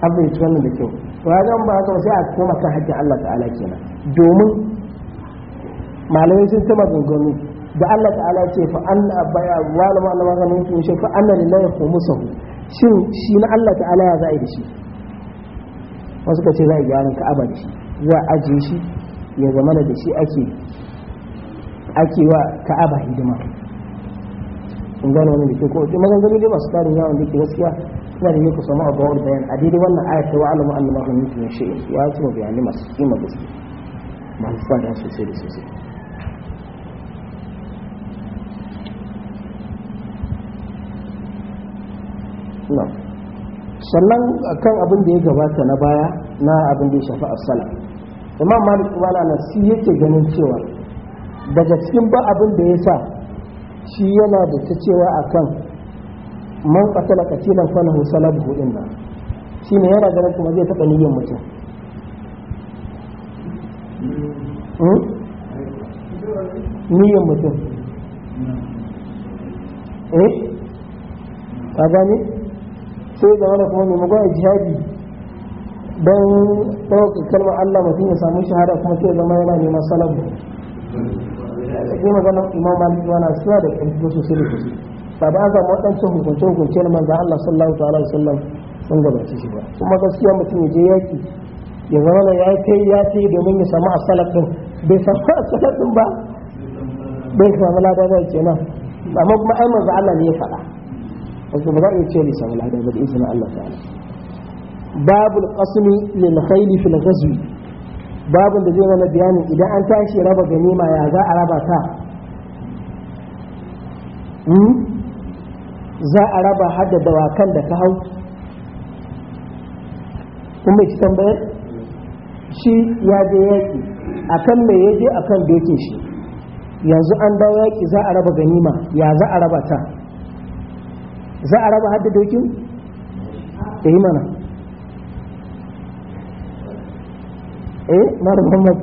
S1: abin ya ci wannan da kyau wajen ya zama ba haka sai a koma kan hakkin Allah ta'ala kenan domin malamai sun taba gangano da Allah ta'ala ce fa an abaya wala ma Allah yi ganin shi fa anna lillahi khumusahu shin shi na Allah ta'ala ya za'i da shi wasu ka ce za a gyaran ka'aba da shi za a ajiye shi ya zama da shi ake ake wa ka'aba hidima in gano wani da ke ko gani dai masu tarin yawon da ke gaskiya suna da yake samu da bayan a daidai wannan ayat ta wa'alamu an lamar hannun tunan shi'in ya ci ma bayani masu kima gaske masu tsada sosai da sosai No. sannan kan abin da ya gabata na baya na abin da ya shafi asala imam malik ibn na shi yake ganin cewa daga cikin ba abin da ya sa shi yana da ta cewa akan man musala buhu din na shi ne yana ganin kuma zai taɓa niyyar mutum hmm? niyyar mutum eh ka gane sai da wani kuma magana jihadi don ɗaukar kalmar Allah mutum ya samu shahada kuma sai zama yana neman da ke maganar imam malik yana suna da ƙarfi sosai da sosai ba da an samu waɗancan hukunce hukunce na manzan Allah sallallahu ta'ala sallam sun gabace shi ba kuma gaskiya mutum ya je yaki ya zama da ya kai ya ce domin ya samu asalar din bai samu asalar ɗin ba bai samu lada ba kenan amma kuma ai manzan Allah ne ya faɗa wasu ba za a yi ce lisa wala da ba da izinin Allah ta'ala babul qasmi lil khayli fil ghazwi babun da zai na bayanin idan an tashi raba ganima ya za a raba ta hmm? za a raba hadda da dawakan da ka hau kuma ki tambayar shi ya je yaki akan me ya je akan dokin shi yanzu an dawo yaki za a raba ganima ya za a raba ta za a raba hadda dokin yi eh, mana eh mara muhammad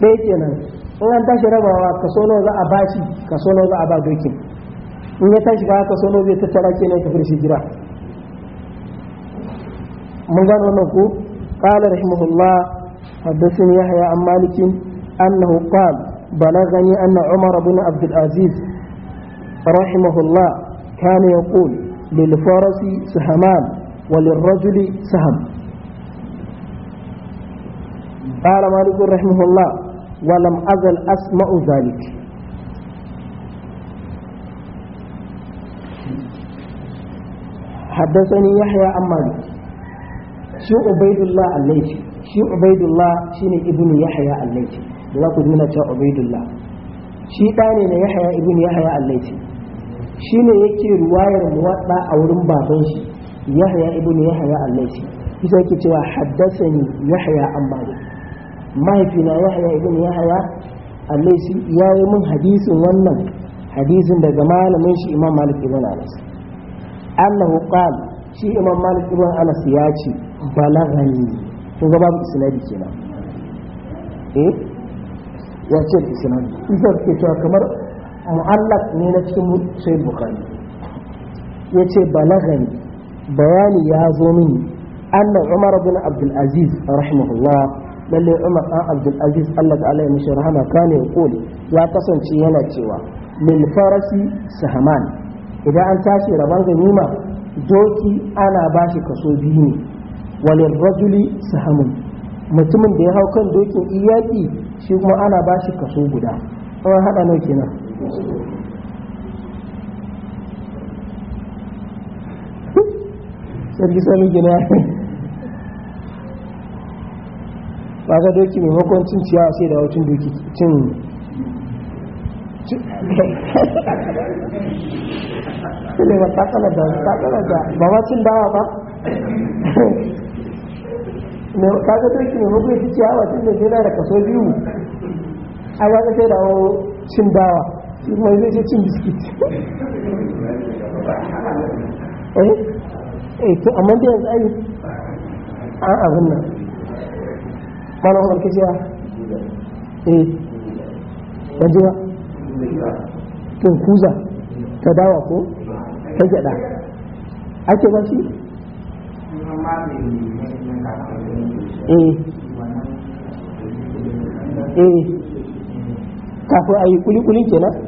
S1: ɗaya kenan in an tashi rabawa kaso nawa za a ba shi kaso nawa za a ba dokin in ya tashi ba kaso nawa zai tattara kenan tafi shi jira mun gano wannan ko قال رحمه الله حدثني an عن مالك أنه قال بلغني أن عمر بن عبد العزيز رحمه الله كان يقول للفرس سهمان وللرجل سهم قال مالك رحمه الله ولم أزل أسمع ذلك حدثني يحيى عن مالك شو عبيد الله الليثي شو عبيد الله شيني ابن يحيى الليثي لا za ku nuna cewa ubaidullah shi يحيى ne na yahaya ne yake ruwayar muwadda a wurin baban shi yahya ibnu yahya al-laythi shi yake cewa haddathani yahya an malik mahaifina yahya ibnu yahya al-laythi ya yi min hadisin wannan hadisin daga malamin shi imam malik ibn anas annahu qala shi imam malik ibn anas ya ce balagani kun ga babu isnadi kenan eh ya ce isnadi isa ke cewa kamar mu'allaf ne na cikin sai bukhari ya ce balagani bayani ya zo mini Annan umar bin Abdulaziz, aziz rahimahullah lalle umar dan Abdulaziz, Allah ta'ala ya mishi rahama kana ya kole ya kasance yana cewa lil farasi sahaman idan an tashi rabon ganima doki ana bashi kaso biyu ne walil rajuli sahamun mutumin da ya hau kan dokin iyaki shi kuma ana bashi kaso guda an haɗa nau kenan sarki sami gina ba ga doki maimakon cin ciyawa sai da wacin doki cin ne ba takala da takala da ba ma cin dawa ba ka ga doki maimakon cin ciyawa cin da jira da kaso biyu a ba ga sai da cin dawa shi kuma zai ce cin biskit eh, eh to amma da yanzu ai an abin nan malam eh. kuza ta dawa ko ta gyada ake ba shi
S3: eh eh
S1: kafin a yi kulikulin kenan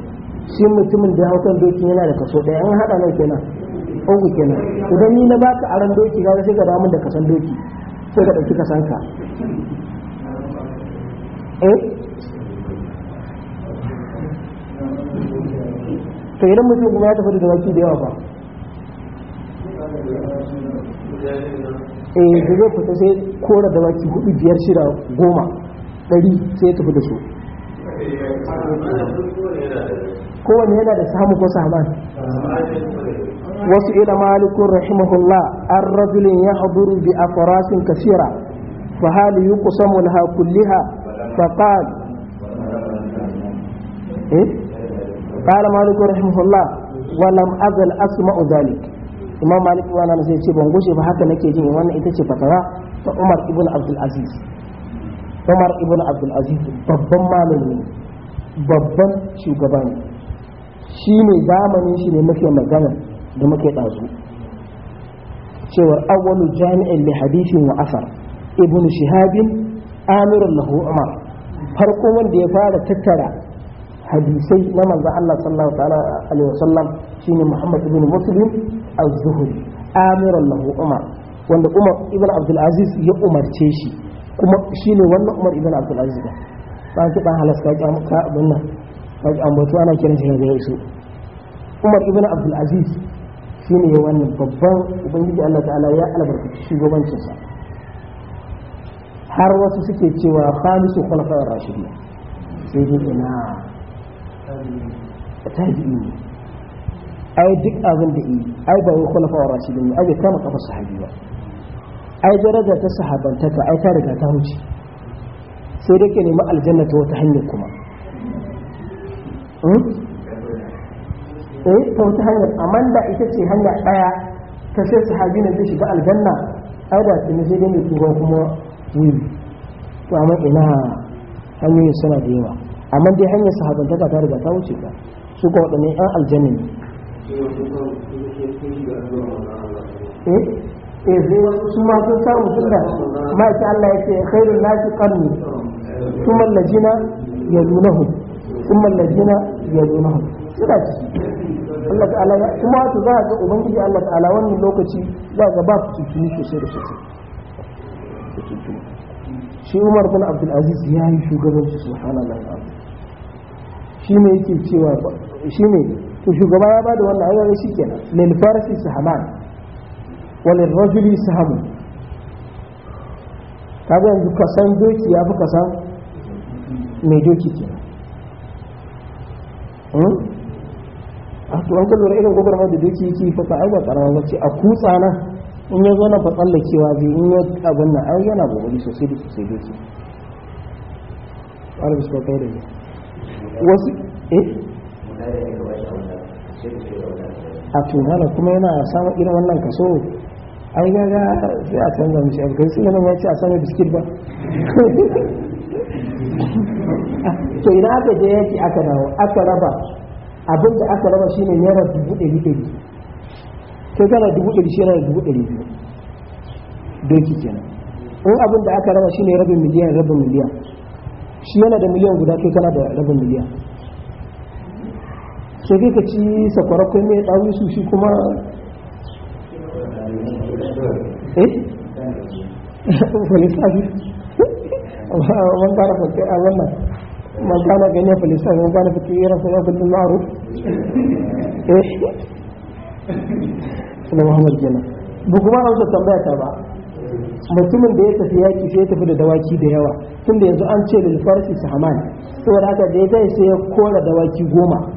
S1: shi mutumin da ya haukan dokin yana da kaso ɗaya an haɗa nan kenan uku kenan idan ni na baka aran doki ga sai ka dawo da kasan doki sai ka ɗauki kasan ka eh to idan mutum kuma ya tafi da dawaki da yawa ba
S3: eh da zai fita sai kora dawaki hudu
S1: biyar shida goma ɗari sai ya tafi da su
S3: kowane yana da samu ko saman wasu ila
S1: malikun rahimahullah an rajulin ya haduru bi afrasin kashira fa hal yuqsamu laha kulliha fa qal eh qala malikun rahimahullah wa lam azal asma'u dhalik imam malik wa nan sai ce ban ba haka nake jin wannan ita ce fatawa ta umar ibn abdul aziz umar ibn abdul aziz babban malami babban shugaba ne shi ne zamanin shi ne muke magana da muke ɗazu cewar awwalu jami'in li hadithin wa asar ibn shihabin Amirul lahu umar farko wanda ya fara tattara hadisai na manzo Allah sallallahu alaihi wasallam shine Muhammad ibn Muslim az-Zuhri Amirul lahu umar wanda Umar ibn Abdul Aziz ya umarce shi kuma shine wannan Umar ibn Abdul Aziz ba ki ban halaska ka abin nan ambato ana kiran shi gangan iso umar ibn abdul aziz shine wannan babban ubangiji Allah ta'ala ya albarkaci shugabancinsa har wasu suke cewa khamisu khulafa'ir rashidin sai dai ina tabi'i ne ai duk abin da yi ai ba wai khulafa'ir rashidin ne ai bai kama kafa sahabi ba ai daraja ta sahabantaka ai ta riga ta wuce sai dai ke nemi aljanna ta wata hanyar kuma Hmm? eh ta wata hanyar amma da ita ce hanya ɗaya ta sai sahabi ne zai shiga aljanna ai da su nufi dai mai tuban kuma wuri to amma ina hanyoyin suna da yawa amma dai hanyar sahabantaka ta riga ta wuce ka su kuma waɗanne ɗan aljanna ne eh, eh su ma sun samu tun da ma'aikin Allah ya ce khairun nasi qarni kuma nuna hudu ثم الذين يلونهم suna ciki Allah ta'ala ya kuma wato za ga ubangiji Allah ta'ala wannan lokaci za ga ba fitintuni sosai da sosai shi Umar bin Abdul Aziz ya yi shugabanci subhanallah shi ne yake cewa shi ne to shugaba ya bada wannan ayyuka shi kenan lil farsi sahaman wa lil rajuli sahamun kaga yanzu ka san doki ya fi ka san mai doki ke Hmm? a to an irin gwagwarmar da doki yake fa ka tsara karama ce a kusa na in ya zo na fa tsallakewa zai in ya abin na ai yana gogori sosai da sosai ƙwarar kai da wasu eh a kuma yana samun irin wannan kaso ya ce a samun biskit ba to ina aka je yaki aka dawo aka raba abin da aka raba shine naira dubu ɗari ɗari sai kana dubu ɗari shi yana dubu ɗari biyu doki kenan in abin da aka raba shine rabin miliyan rabin miliyan shi yana da miliyan guda kai kana da rabin miliyan sai kai ka ci sakwara kai mai ɗawi su shi kuma eh wani sabi ومن كان فقيرا كان Muhammad ba kuma ba mutumin da ya tafi yaki sai ya tafi da dawaki da yawa tun da yanzu an ce da farsi sahaman saboda haka da ya tafi sai ya kora dawaki goma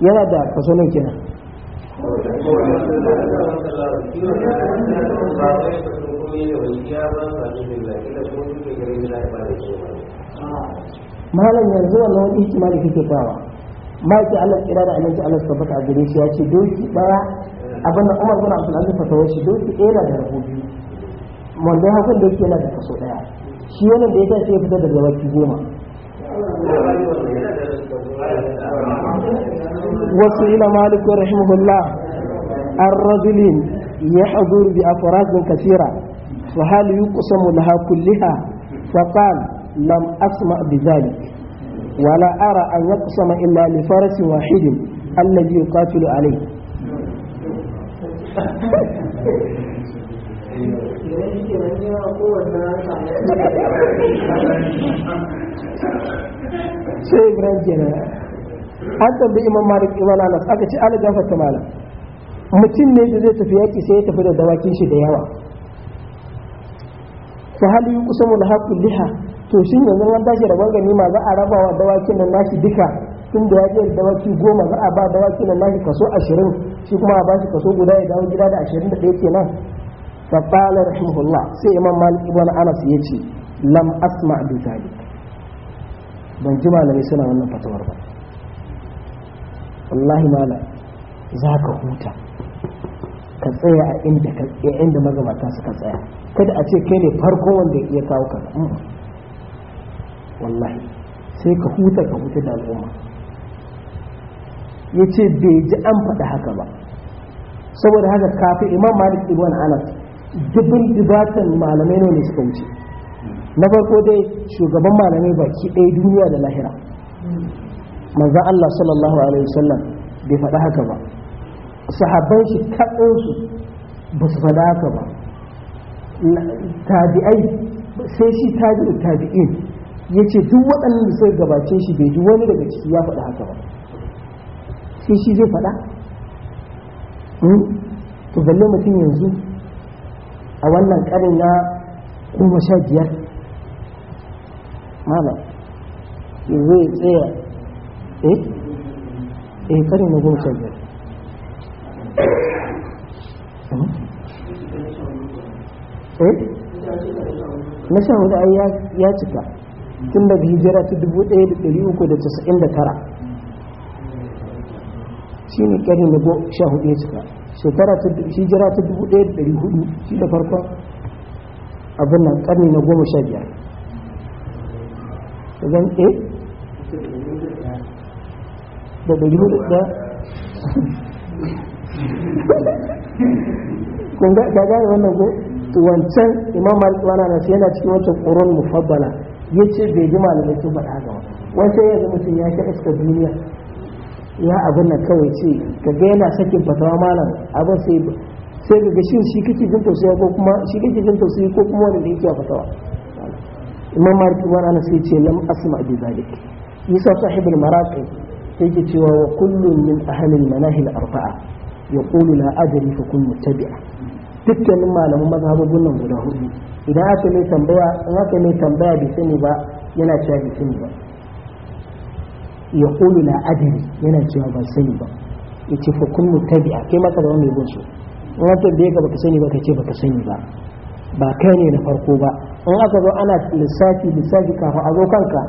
S1: yana da fasonin nan malam yanzu na wani ihtimali kake kawa maki Allah kira da aminci Allah su tabbata a gare shi ya ce doki daya abin da Umar bin Abdul ta fatawar shi doki ɗaya na da rabu biyu wanda ya hakan doki yana da kaso daya shi da ya tashi fitar da gabaki goma wasu ila malik rahimahullah الرجل يحضر بأفراد كثيرة وهل يقسم لها كلها فقال لم أسمع بذلك ولا أرى أن يقسم إلا لفرس واحد الذي يقاتل عليه sai ibrahim kenan an tambayi imam malik ibn anas aka ce ala gafarta malam mutum ne da zai tafi yaki sai ya tafi da dawakin shi da yawa fa hal al haqqu liha to shin yanzu an tashi da gani ma za a raba wa dawakin nan nashi duka tun da ya je dawaki goma za a ba dawakin nan nashi kaso ashirin shi kuma a ba shi kaso guda ya dawo gida da ashirin da ɗaya kenan fa qala rahimahullah sai imam malik ibn anas ya ce lam asma bi zalik ban ji malamai suna wannan fatawar ba wallahi mala za ka huta ka tsaya a inda magabata suka tsaya kada a ce kai ne farko wanda ya kawo ka hmm. wallahi sai ka huta ka huta da al'umma ya ce bai ji an faɗi haka ba saboda haka kafin imam malik ibn anas dubin dubatan malamai ne suka wuce na farko dai shugaban malamai baki ɗaya duniya da lahira manzo Allah sallallahu alaihi wasallam bai faɗi haka ba sahabban shi kaɗansu ba su faɗi haka ba tabi'ai sai shi tabi'u tabi'in ya ce duk waɗannan sai gabace shi bai ji wani daga ciki ya faɗa haka ba sai shi zai faɗa hmm? to balle mutum yanzu a wannan ƙarin na goma sha biyar malam yanzu ya tsaya eh eh ƙarin na goma sha biyar hmm? eh na sha hudu ai ya cika tun daga hijira ta dubu da da da uku casa'in tara shi ne ƙari na sha hudu ya cika shekara ta hijira ta hudu shi da farkon abin nan ƙarni na goma sha biyar zan e eh? da ɗari hudu da kun ga wannan ko wancan imam malik wani na yana cikin wancan ƙoron mufabbala ya ce bai ji malamai sun faɗa gaba wancan yanzu mutum ya sha iska duniya ya abin nan kawai ce ka ga yana sakin fatawa malam abin sai sai ga shi shi kike jin tausayi ko kuma shi kike jin tausayi ko kuma wanda yake fatawa imam malik wani na sai ce lam asma bi zalik isa sahibul maraqi yake cewa wa kullun min ahli al manahil arba'a yaqulu la adri fa kun muttabi'a dukkanin malaman mazhabobin nan guda hudu idan aka mai tambaya in aka mai tambaya bai sani ba yana cewa bai sani ba ya kulu na adari yana cewa ban sani ba ya ce fa kun mutabi'a kai maka da wani gunsu in an tambaye ka baka sani ba ka ce baka sani ba ba kai ne na farko ba in aka zo ana lissafi lissafi kafin a zo kanka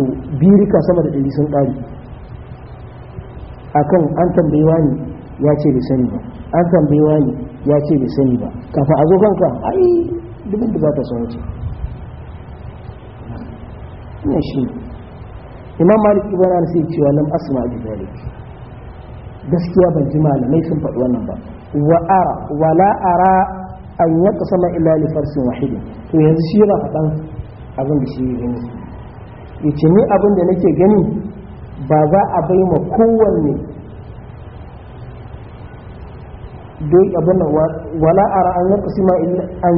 S1: to birika sama da ɗari sun ƙari akan an tambayewa ne ya ce bai sani ba an tambayewa ne ya ce bai sani ba kafa a zo kanka ai dubin da ba ta sauran ce ne shi imam malik ibrahim anas ya ce lam asma bi dalik gaskiya ban ji malamai sun faɗi wannan ba wa ara wala ara an yaqsama illa li farsin wahidin to yanzu shi yana faɗan abin da shi ya gani yace ni abin da nake gani ba za a bai ma kowanne dai abin wala ara an yuqsima illa an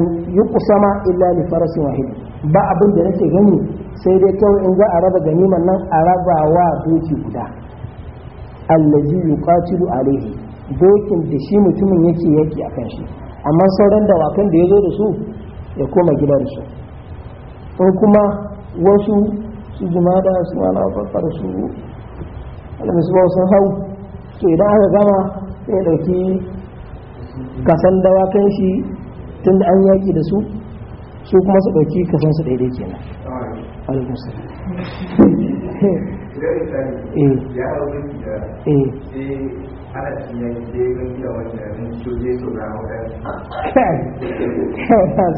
S1: illa li farasin wahid ba abin da nake gani sai dai kawai in za a raba ganiman nan a raba wa doki guda allazi yuqatilu alaihi dokin da shi mutumin yake yaki akan shi amma sauran dawakan da ya zo da su ya koma gida da su in kuma wasu su jumada su wala bakar su ba sun hau to idan aka gama sai ɗauki kasan dawakan shi tun da an yaki da su su kuma su ɗauki kasan su daidai kenan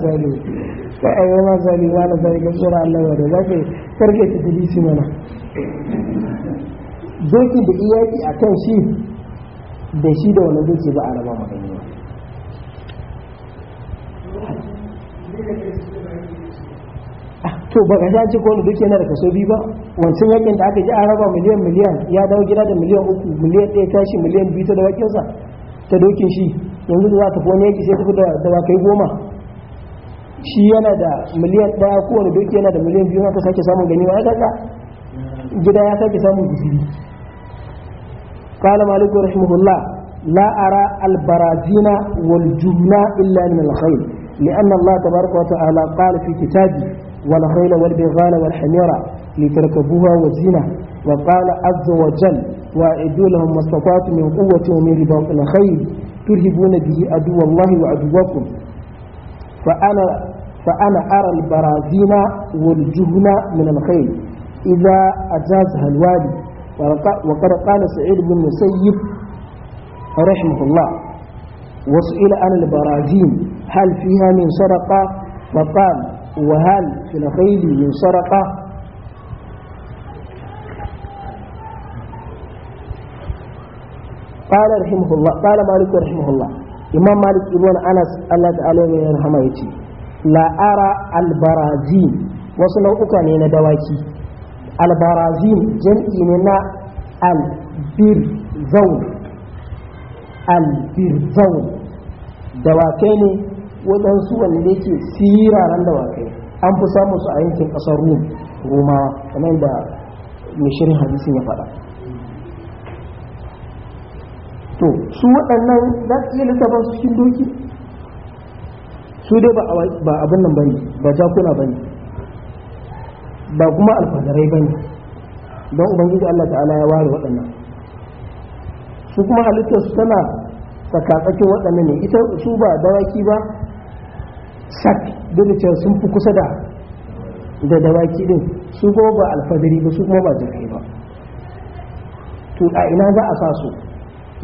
S1: nan ka ayyar mazali ma Allah mana da iyaki a kan shi da shi da wani doki ba a raba magani Ah, to ba ka sha ci kone duk yana da kaso biyu ba wancan yakin da aka ji an raba miliyan miliyan ya dawo gida da miliyan uku miliyan ɗaya tashi miliyan biyu ta dawakinsa ta dokin shi yanzu da za ta wani yaki sai tafi da dawakai goma shi yana da miliyan ɗaya kowane duk yana da miliyan biyu haka sake samun gani ma ya gida ya sake samun guziri قال مالك رحمه الله لا أرى البرازين والجملة إلا من الخيل لأن الله تبارك وتعالى قال في كتابه والخيل والبغال والحمير لتركبوها وزينة وقال عز وجل وأعدوا لهم ما استطعتم من قوة ومن رباط الخيل ترهبون به عدو الله وعدوكم فأنا فأنا أرى البرازين والجبن من الخيل إذا أجازها الوالي وقد قال سعيد بن المسيب رحمه الله وسئل عن البرازين هل فيها من سرقة فقال وهل في الخيل من سرقة قال رحمه الله قال مالك رحمه الله إمام مالك ابن أنس الله تعالى يرحمه لا أرى البرازين وصلوا أكانين دواكي البرازين جمعنا البرزون البرزون dawakai ne waɗansu wanda yake siraran wakai an fi samun su a yankin ƙasar rum roma kamar da mishirin shirin hadisin ya faɗa to su waɗannan za su iya lissafa su cikin doki su dai ba abin nan bane ba jakuna bane ba kuma alfadarai bane don ubangiji Allah ta'ala ya ware waɗannan su kuma halittar su tana tsakatsakin waɗannan ne ita su ba dawaki ba sak duk da cewa sun fi kusa da da dawaki din su kuma ba alfadari ba su kuma ba jirgi ba to a ina za a sa su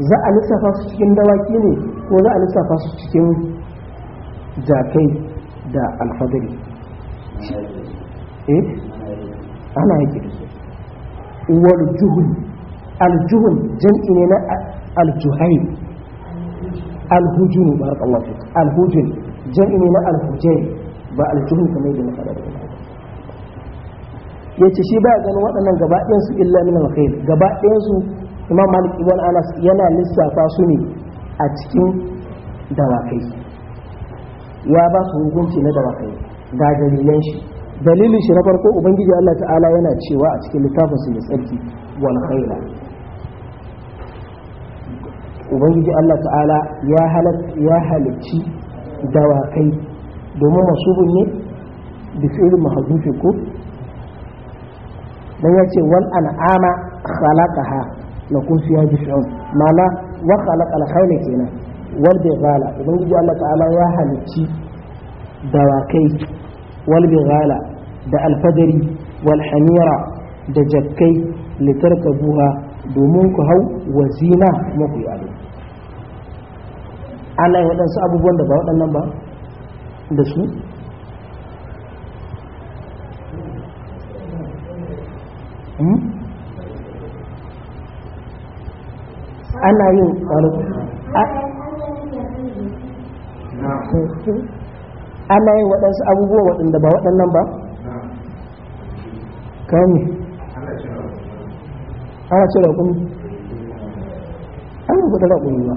S1: za a lissafa su cikin dawaki ne ko za a lissafa su cikin jakai da alfadari eh ana yake da su wal juhul al juhul jam'i ne na al juhail al hujun barakallahu fik al hujun jam'i ne na alhujai ba aljuhu kamar da na da ya ce shi ba a ganin waɗannan gaba ɗayansu illa min alkhair gaba ɗayansu imam malik ibn anas yana lissafa su ne a cikin dawakai ya ba su hukunci na dawakai ga dalilan shi dalilin shi na farko ubangiji Allah ta'ala yana cewa a cikin littafin su da tsarki wal khaira ubangiji Allah ta'ala ya halarci dawakai domin masubun ne da fi'ilin mahazufi ko dan ya ce wal an'ama khalaqaha na kun fiya bi fi'il mala wa khalaqa al kenan wal idan ubangiji Allah ta'ala ya halicci dawakai wal bighala da alfadari wal hamira da jakkai buha domin ku hau wazina kuma ku ana yin waɗansu abubuwan da ba waɗannan ba da su hmm? ana yin ana yin waɗansu abubuwa waɗanda ba waɗannan ba kame ana ce raƙumi ana ce raƙumi ba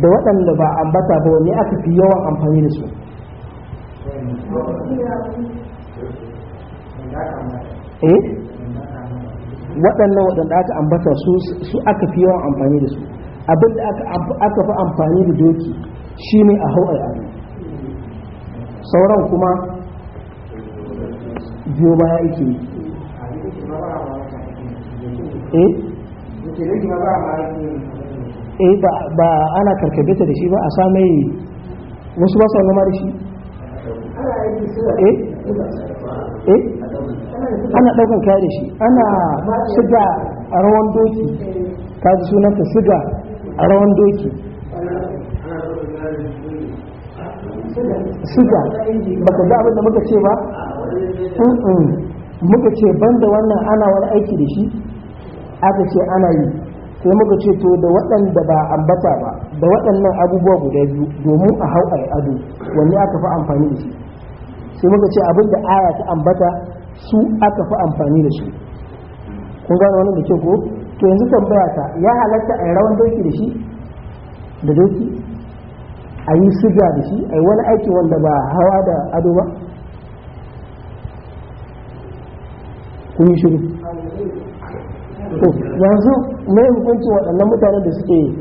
S1: da waɗanda ba ambata ba wani aka fi yawan amfani da su eh? waɗannan waɗanda aka ambata su aka fi yawan amfani da su abinda aka fi amfani da doki shi ne a hau abu sauran kuma biyo baya ike yi eh eh ba ana karkabe ta da shi ba a samai wasu ba su zama da shi
S3: eh eh ana daukan kaya da shi ana shiga
S1: a rawan doki ta ji sunanta shiga a rawan doki
S3: shiga baka ga abin da muka ce ba
S1: muka ce ban da wannan ana wani aiki da shi aka ce ana yi sai muka ce to da waɗanda ba ambata ba da waɗannan abubuwa guda biyu domin a hau a ado wanne aka fi amfani da shi sai muka ce abin da aya ta ambata su aka fi amfani da shi kun gano wani da ke ko to yanzu tambaya ta ya halatta a yi rawan doki da shi da doki a yi siga da shi a yi wani aiki wanda ba hawa da ado ba kun yi shiru yanzu me hukunci waɗannan mutanen da suke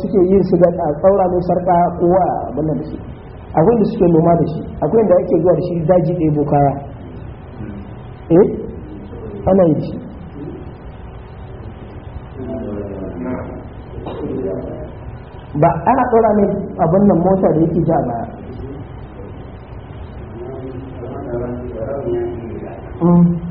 S1: suke yin su a tsaura mai sarka kowa a wannan da shi akwai da suke noma da shi akwai da ake zuwa da shi daji ɗaya bokaya eh ana yi shi ba ana tsaura mai abin nan mota da yake ja ba. Mm.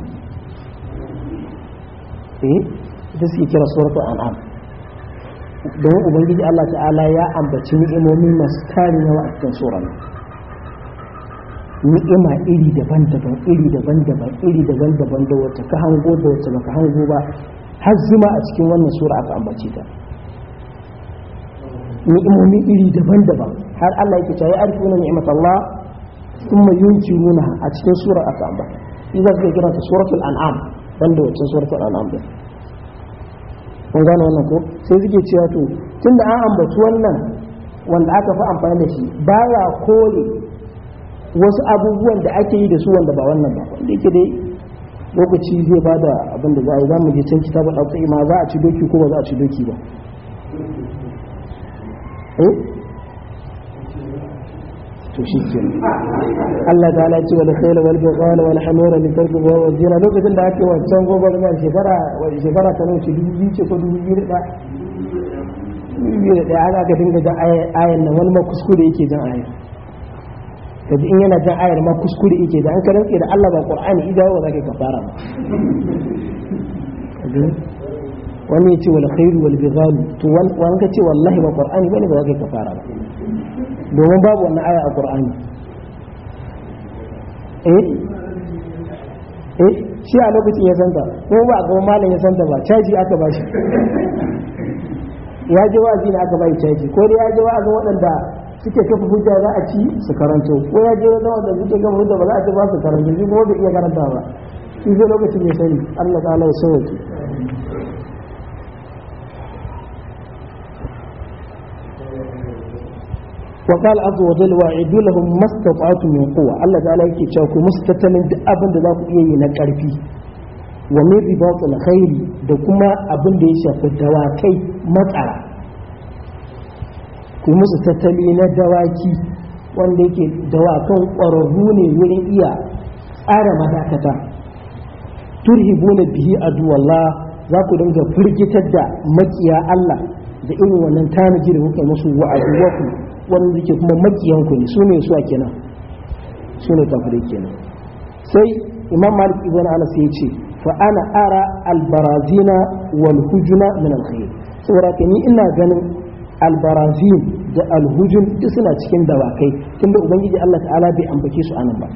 S1: eh ita suke kira suratul an'am don ubangiji Allah ta'ala ya ambaci ni'imomi masu tarin na a cikin suran ni'ima iri daban-daban iri daban-daban iri daban-daban da wacce ka hango da wacce baka hango ba har zuma a cikin wannan sura aka ambace ta ni'imomi iri daban-daban har Allah yake cewa ya arifuna ni'imat Allah thumma nuna a cikin sura aka ambata idan ka kira ta suratul an'am Wanda wacin suratul an'am din kun gane wannan ko sai suke cewa to tunda an ambaci wannan wanda aka fi amfani da shi baya kore wasu abubuwan da ake yi da su wanda ba wannan ba wanda yake dai lokaci zai ba da abin da za a yi za mu je can ba ɗauka ma za a ci doki ko ba za a ci doki ba eh? to shi ke Allah ta ce wani khayla wal bighala wal hamira li tarkubu wa wazira lokacin da ake wancan gobar ma shekara shekara ta nauce dubu biyu ce ko dubu biyu da biyu da ɗaya aka dinga jan ayan nan wani ma kuskure yake jan ayan kaji in yana jan ayar ma kuskure yake da an ka rantse da Allah ba Qur'ani idan wa zaka kafara ba wani ya ce wal khairu wal bighalu to wani ka ce wallahi ba Qur'ani bane ba zaka kafara ba domin babu wannan aya a ƙur'ani. eh eh shi a lokacin ya santa ko ba a gaba malam ya santa ba caji aka ba shi ya je wa'azi ne aka bai caji ko dai ya je wa'azin waɗanda suke kafa hujja za a ci su karanto ko ya je waɗanda suke kafa hujja ba za a ci ba su karanto shi kuma bai iya karanta ba shi zai lokacin ya sani Allah ta'ala ya sauke وقال عز وجل واعدوا لهم ما استطعتم من قوه الله تعالى yake cewa ku mustattalin duk abinda za ku iya yi na karfi wa min ribatul khairi da kuma abinda ya shafi dawakai matsara ku musu tattali na dawaki wanda yake dawakan ƙwararru ne wurin iya tsara madakata turhibuna bihi aduwallah za ku dinga firgitar da makiya Allah da irin wannan tanaji da muka musu wa'adu wanda suke kuma makiyan ku ne su ne su kenan su ne kafirai kenan sai imam malik ibn anas ya ce fa ana ara albarazina wal hujuna min alkhair saboda ni ina ganin albarazin da alhujun duk suna cikin dawakai tunda ubangiji Allah ta'ala bai ambace su anan ba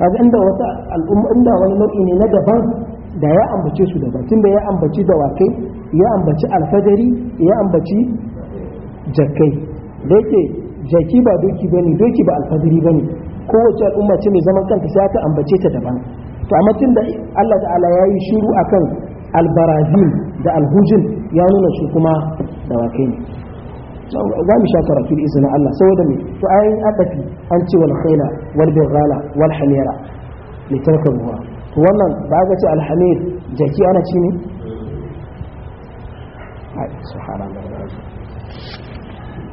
S1: kaga inda wata al'umma inda wani nau'i ne na daban da ya ambace su daban tunda ya ambaci dawakai ya ambaci alfajari ya ambaci jakai da yake jaki ba doki ba ne doki ba alfadiri ba ne kowace al'umma ce mai zaman kanta sai ambace ta daban to amma tun da Allah ta'ala ya yi shiru akan albarazil da alhujin ya nuna shi kuma dawakai ne za mu sha karatu da izinin Allah saboda me to ayin adafi an ce wal khayla wal bighala wal hamira litarkabuha to wannan ba aka ce alhamir jaki ana ci ne subhanallah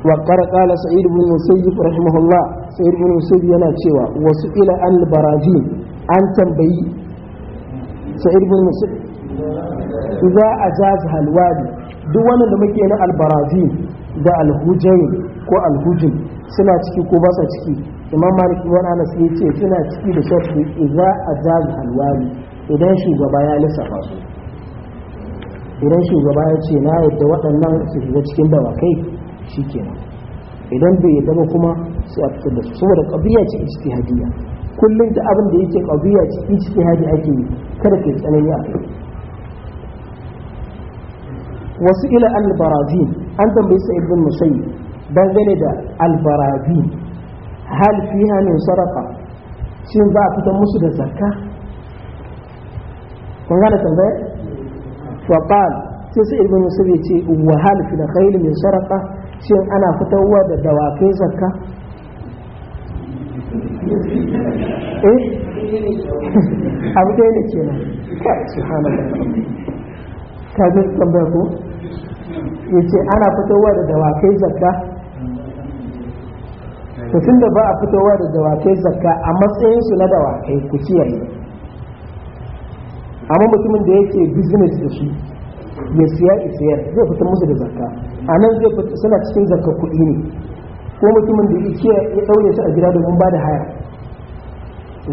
S1: وقال قال سعيد بن مسيب رحمه الله سعيد بن مسيب yana cewa wasu ila an barajin an tambayi sa'id bin musib idza ajaz halwadi duk wannan muke na albarajin da alhujain ko alhujin suna ciki ko ba ciki imam malik suna ciki da sharti idan shugaba ya lissafa su idan shugaba ya ce na yadda waɗannan su shiga cikin dawakai shikenan idan bai yadda ba kuma sai a fitar da su saboda qadiyya ce ijtihadiyya kullum da abin da yake qadiyya ce ijtihadi ake yi kada kai tsanani a kai wasu ila al-barazin an tambayi sa'id bin musayyib dangane da al-barazin hal fiha min sadaqa shin za a fitar musu da zakka kun gane tambayar wa qala sai sa'id bin musayyib ya ce wa hal fil khayl min sadaqa shin ana fitowa da dawakai zakka eh abu ɗaya ne ke nan kai su ka ji ko ya ce ana fitowa da dawakai zakka to tun da ba a fitowa da dawakai zakka a su na dawakai ku kiyaye amma mutumin da yake business da su ya siya isiyar zai fitar musu da zakka a nan zai fitar suna cikin zakka kuɗi ne ko mutumin da ya ya ɗaure su a gida domin ba da haya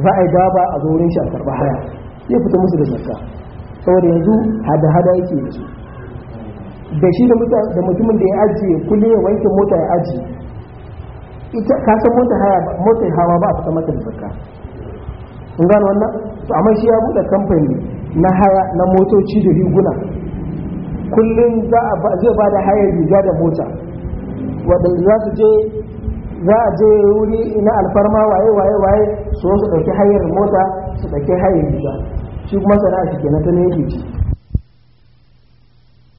S1: za a yi daba a zo wurin shi a karɓa haya zai fitar musu da zakka saboda yanzu hada-hada yake da da shi da mutumin da ya ajiye kulle ya wanke mota ya ajiye ita kasan mota haya mota hawa ba a fita mata da zakka kun gano wannan amma shi ya buɗe kamfani na haya na motoci da riguna kullum zai ba da hayar riga da mota waɗanda za su je za a je wuri na alfarma waye waye waye so su ɗauki hayar mota su ɗauki hayar riga shi kuma sana'a shi na ta ne ci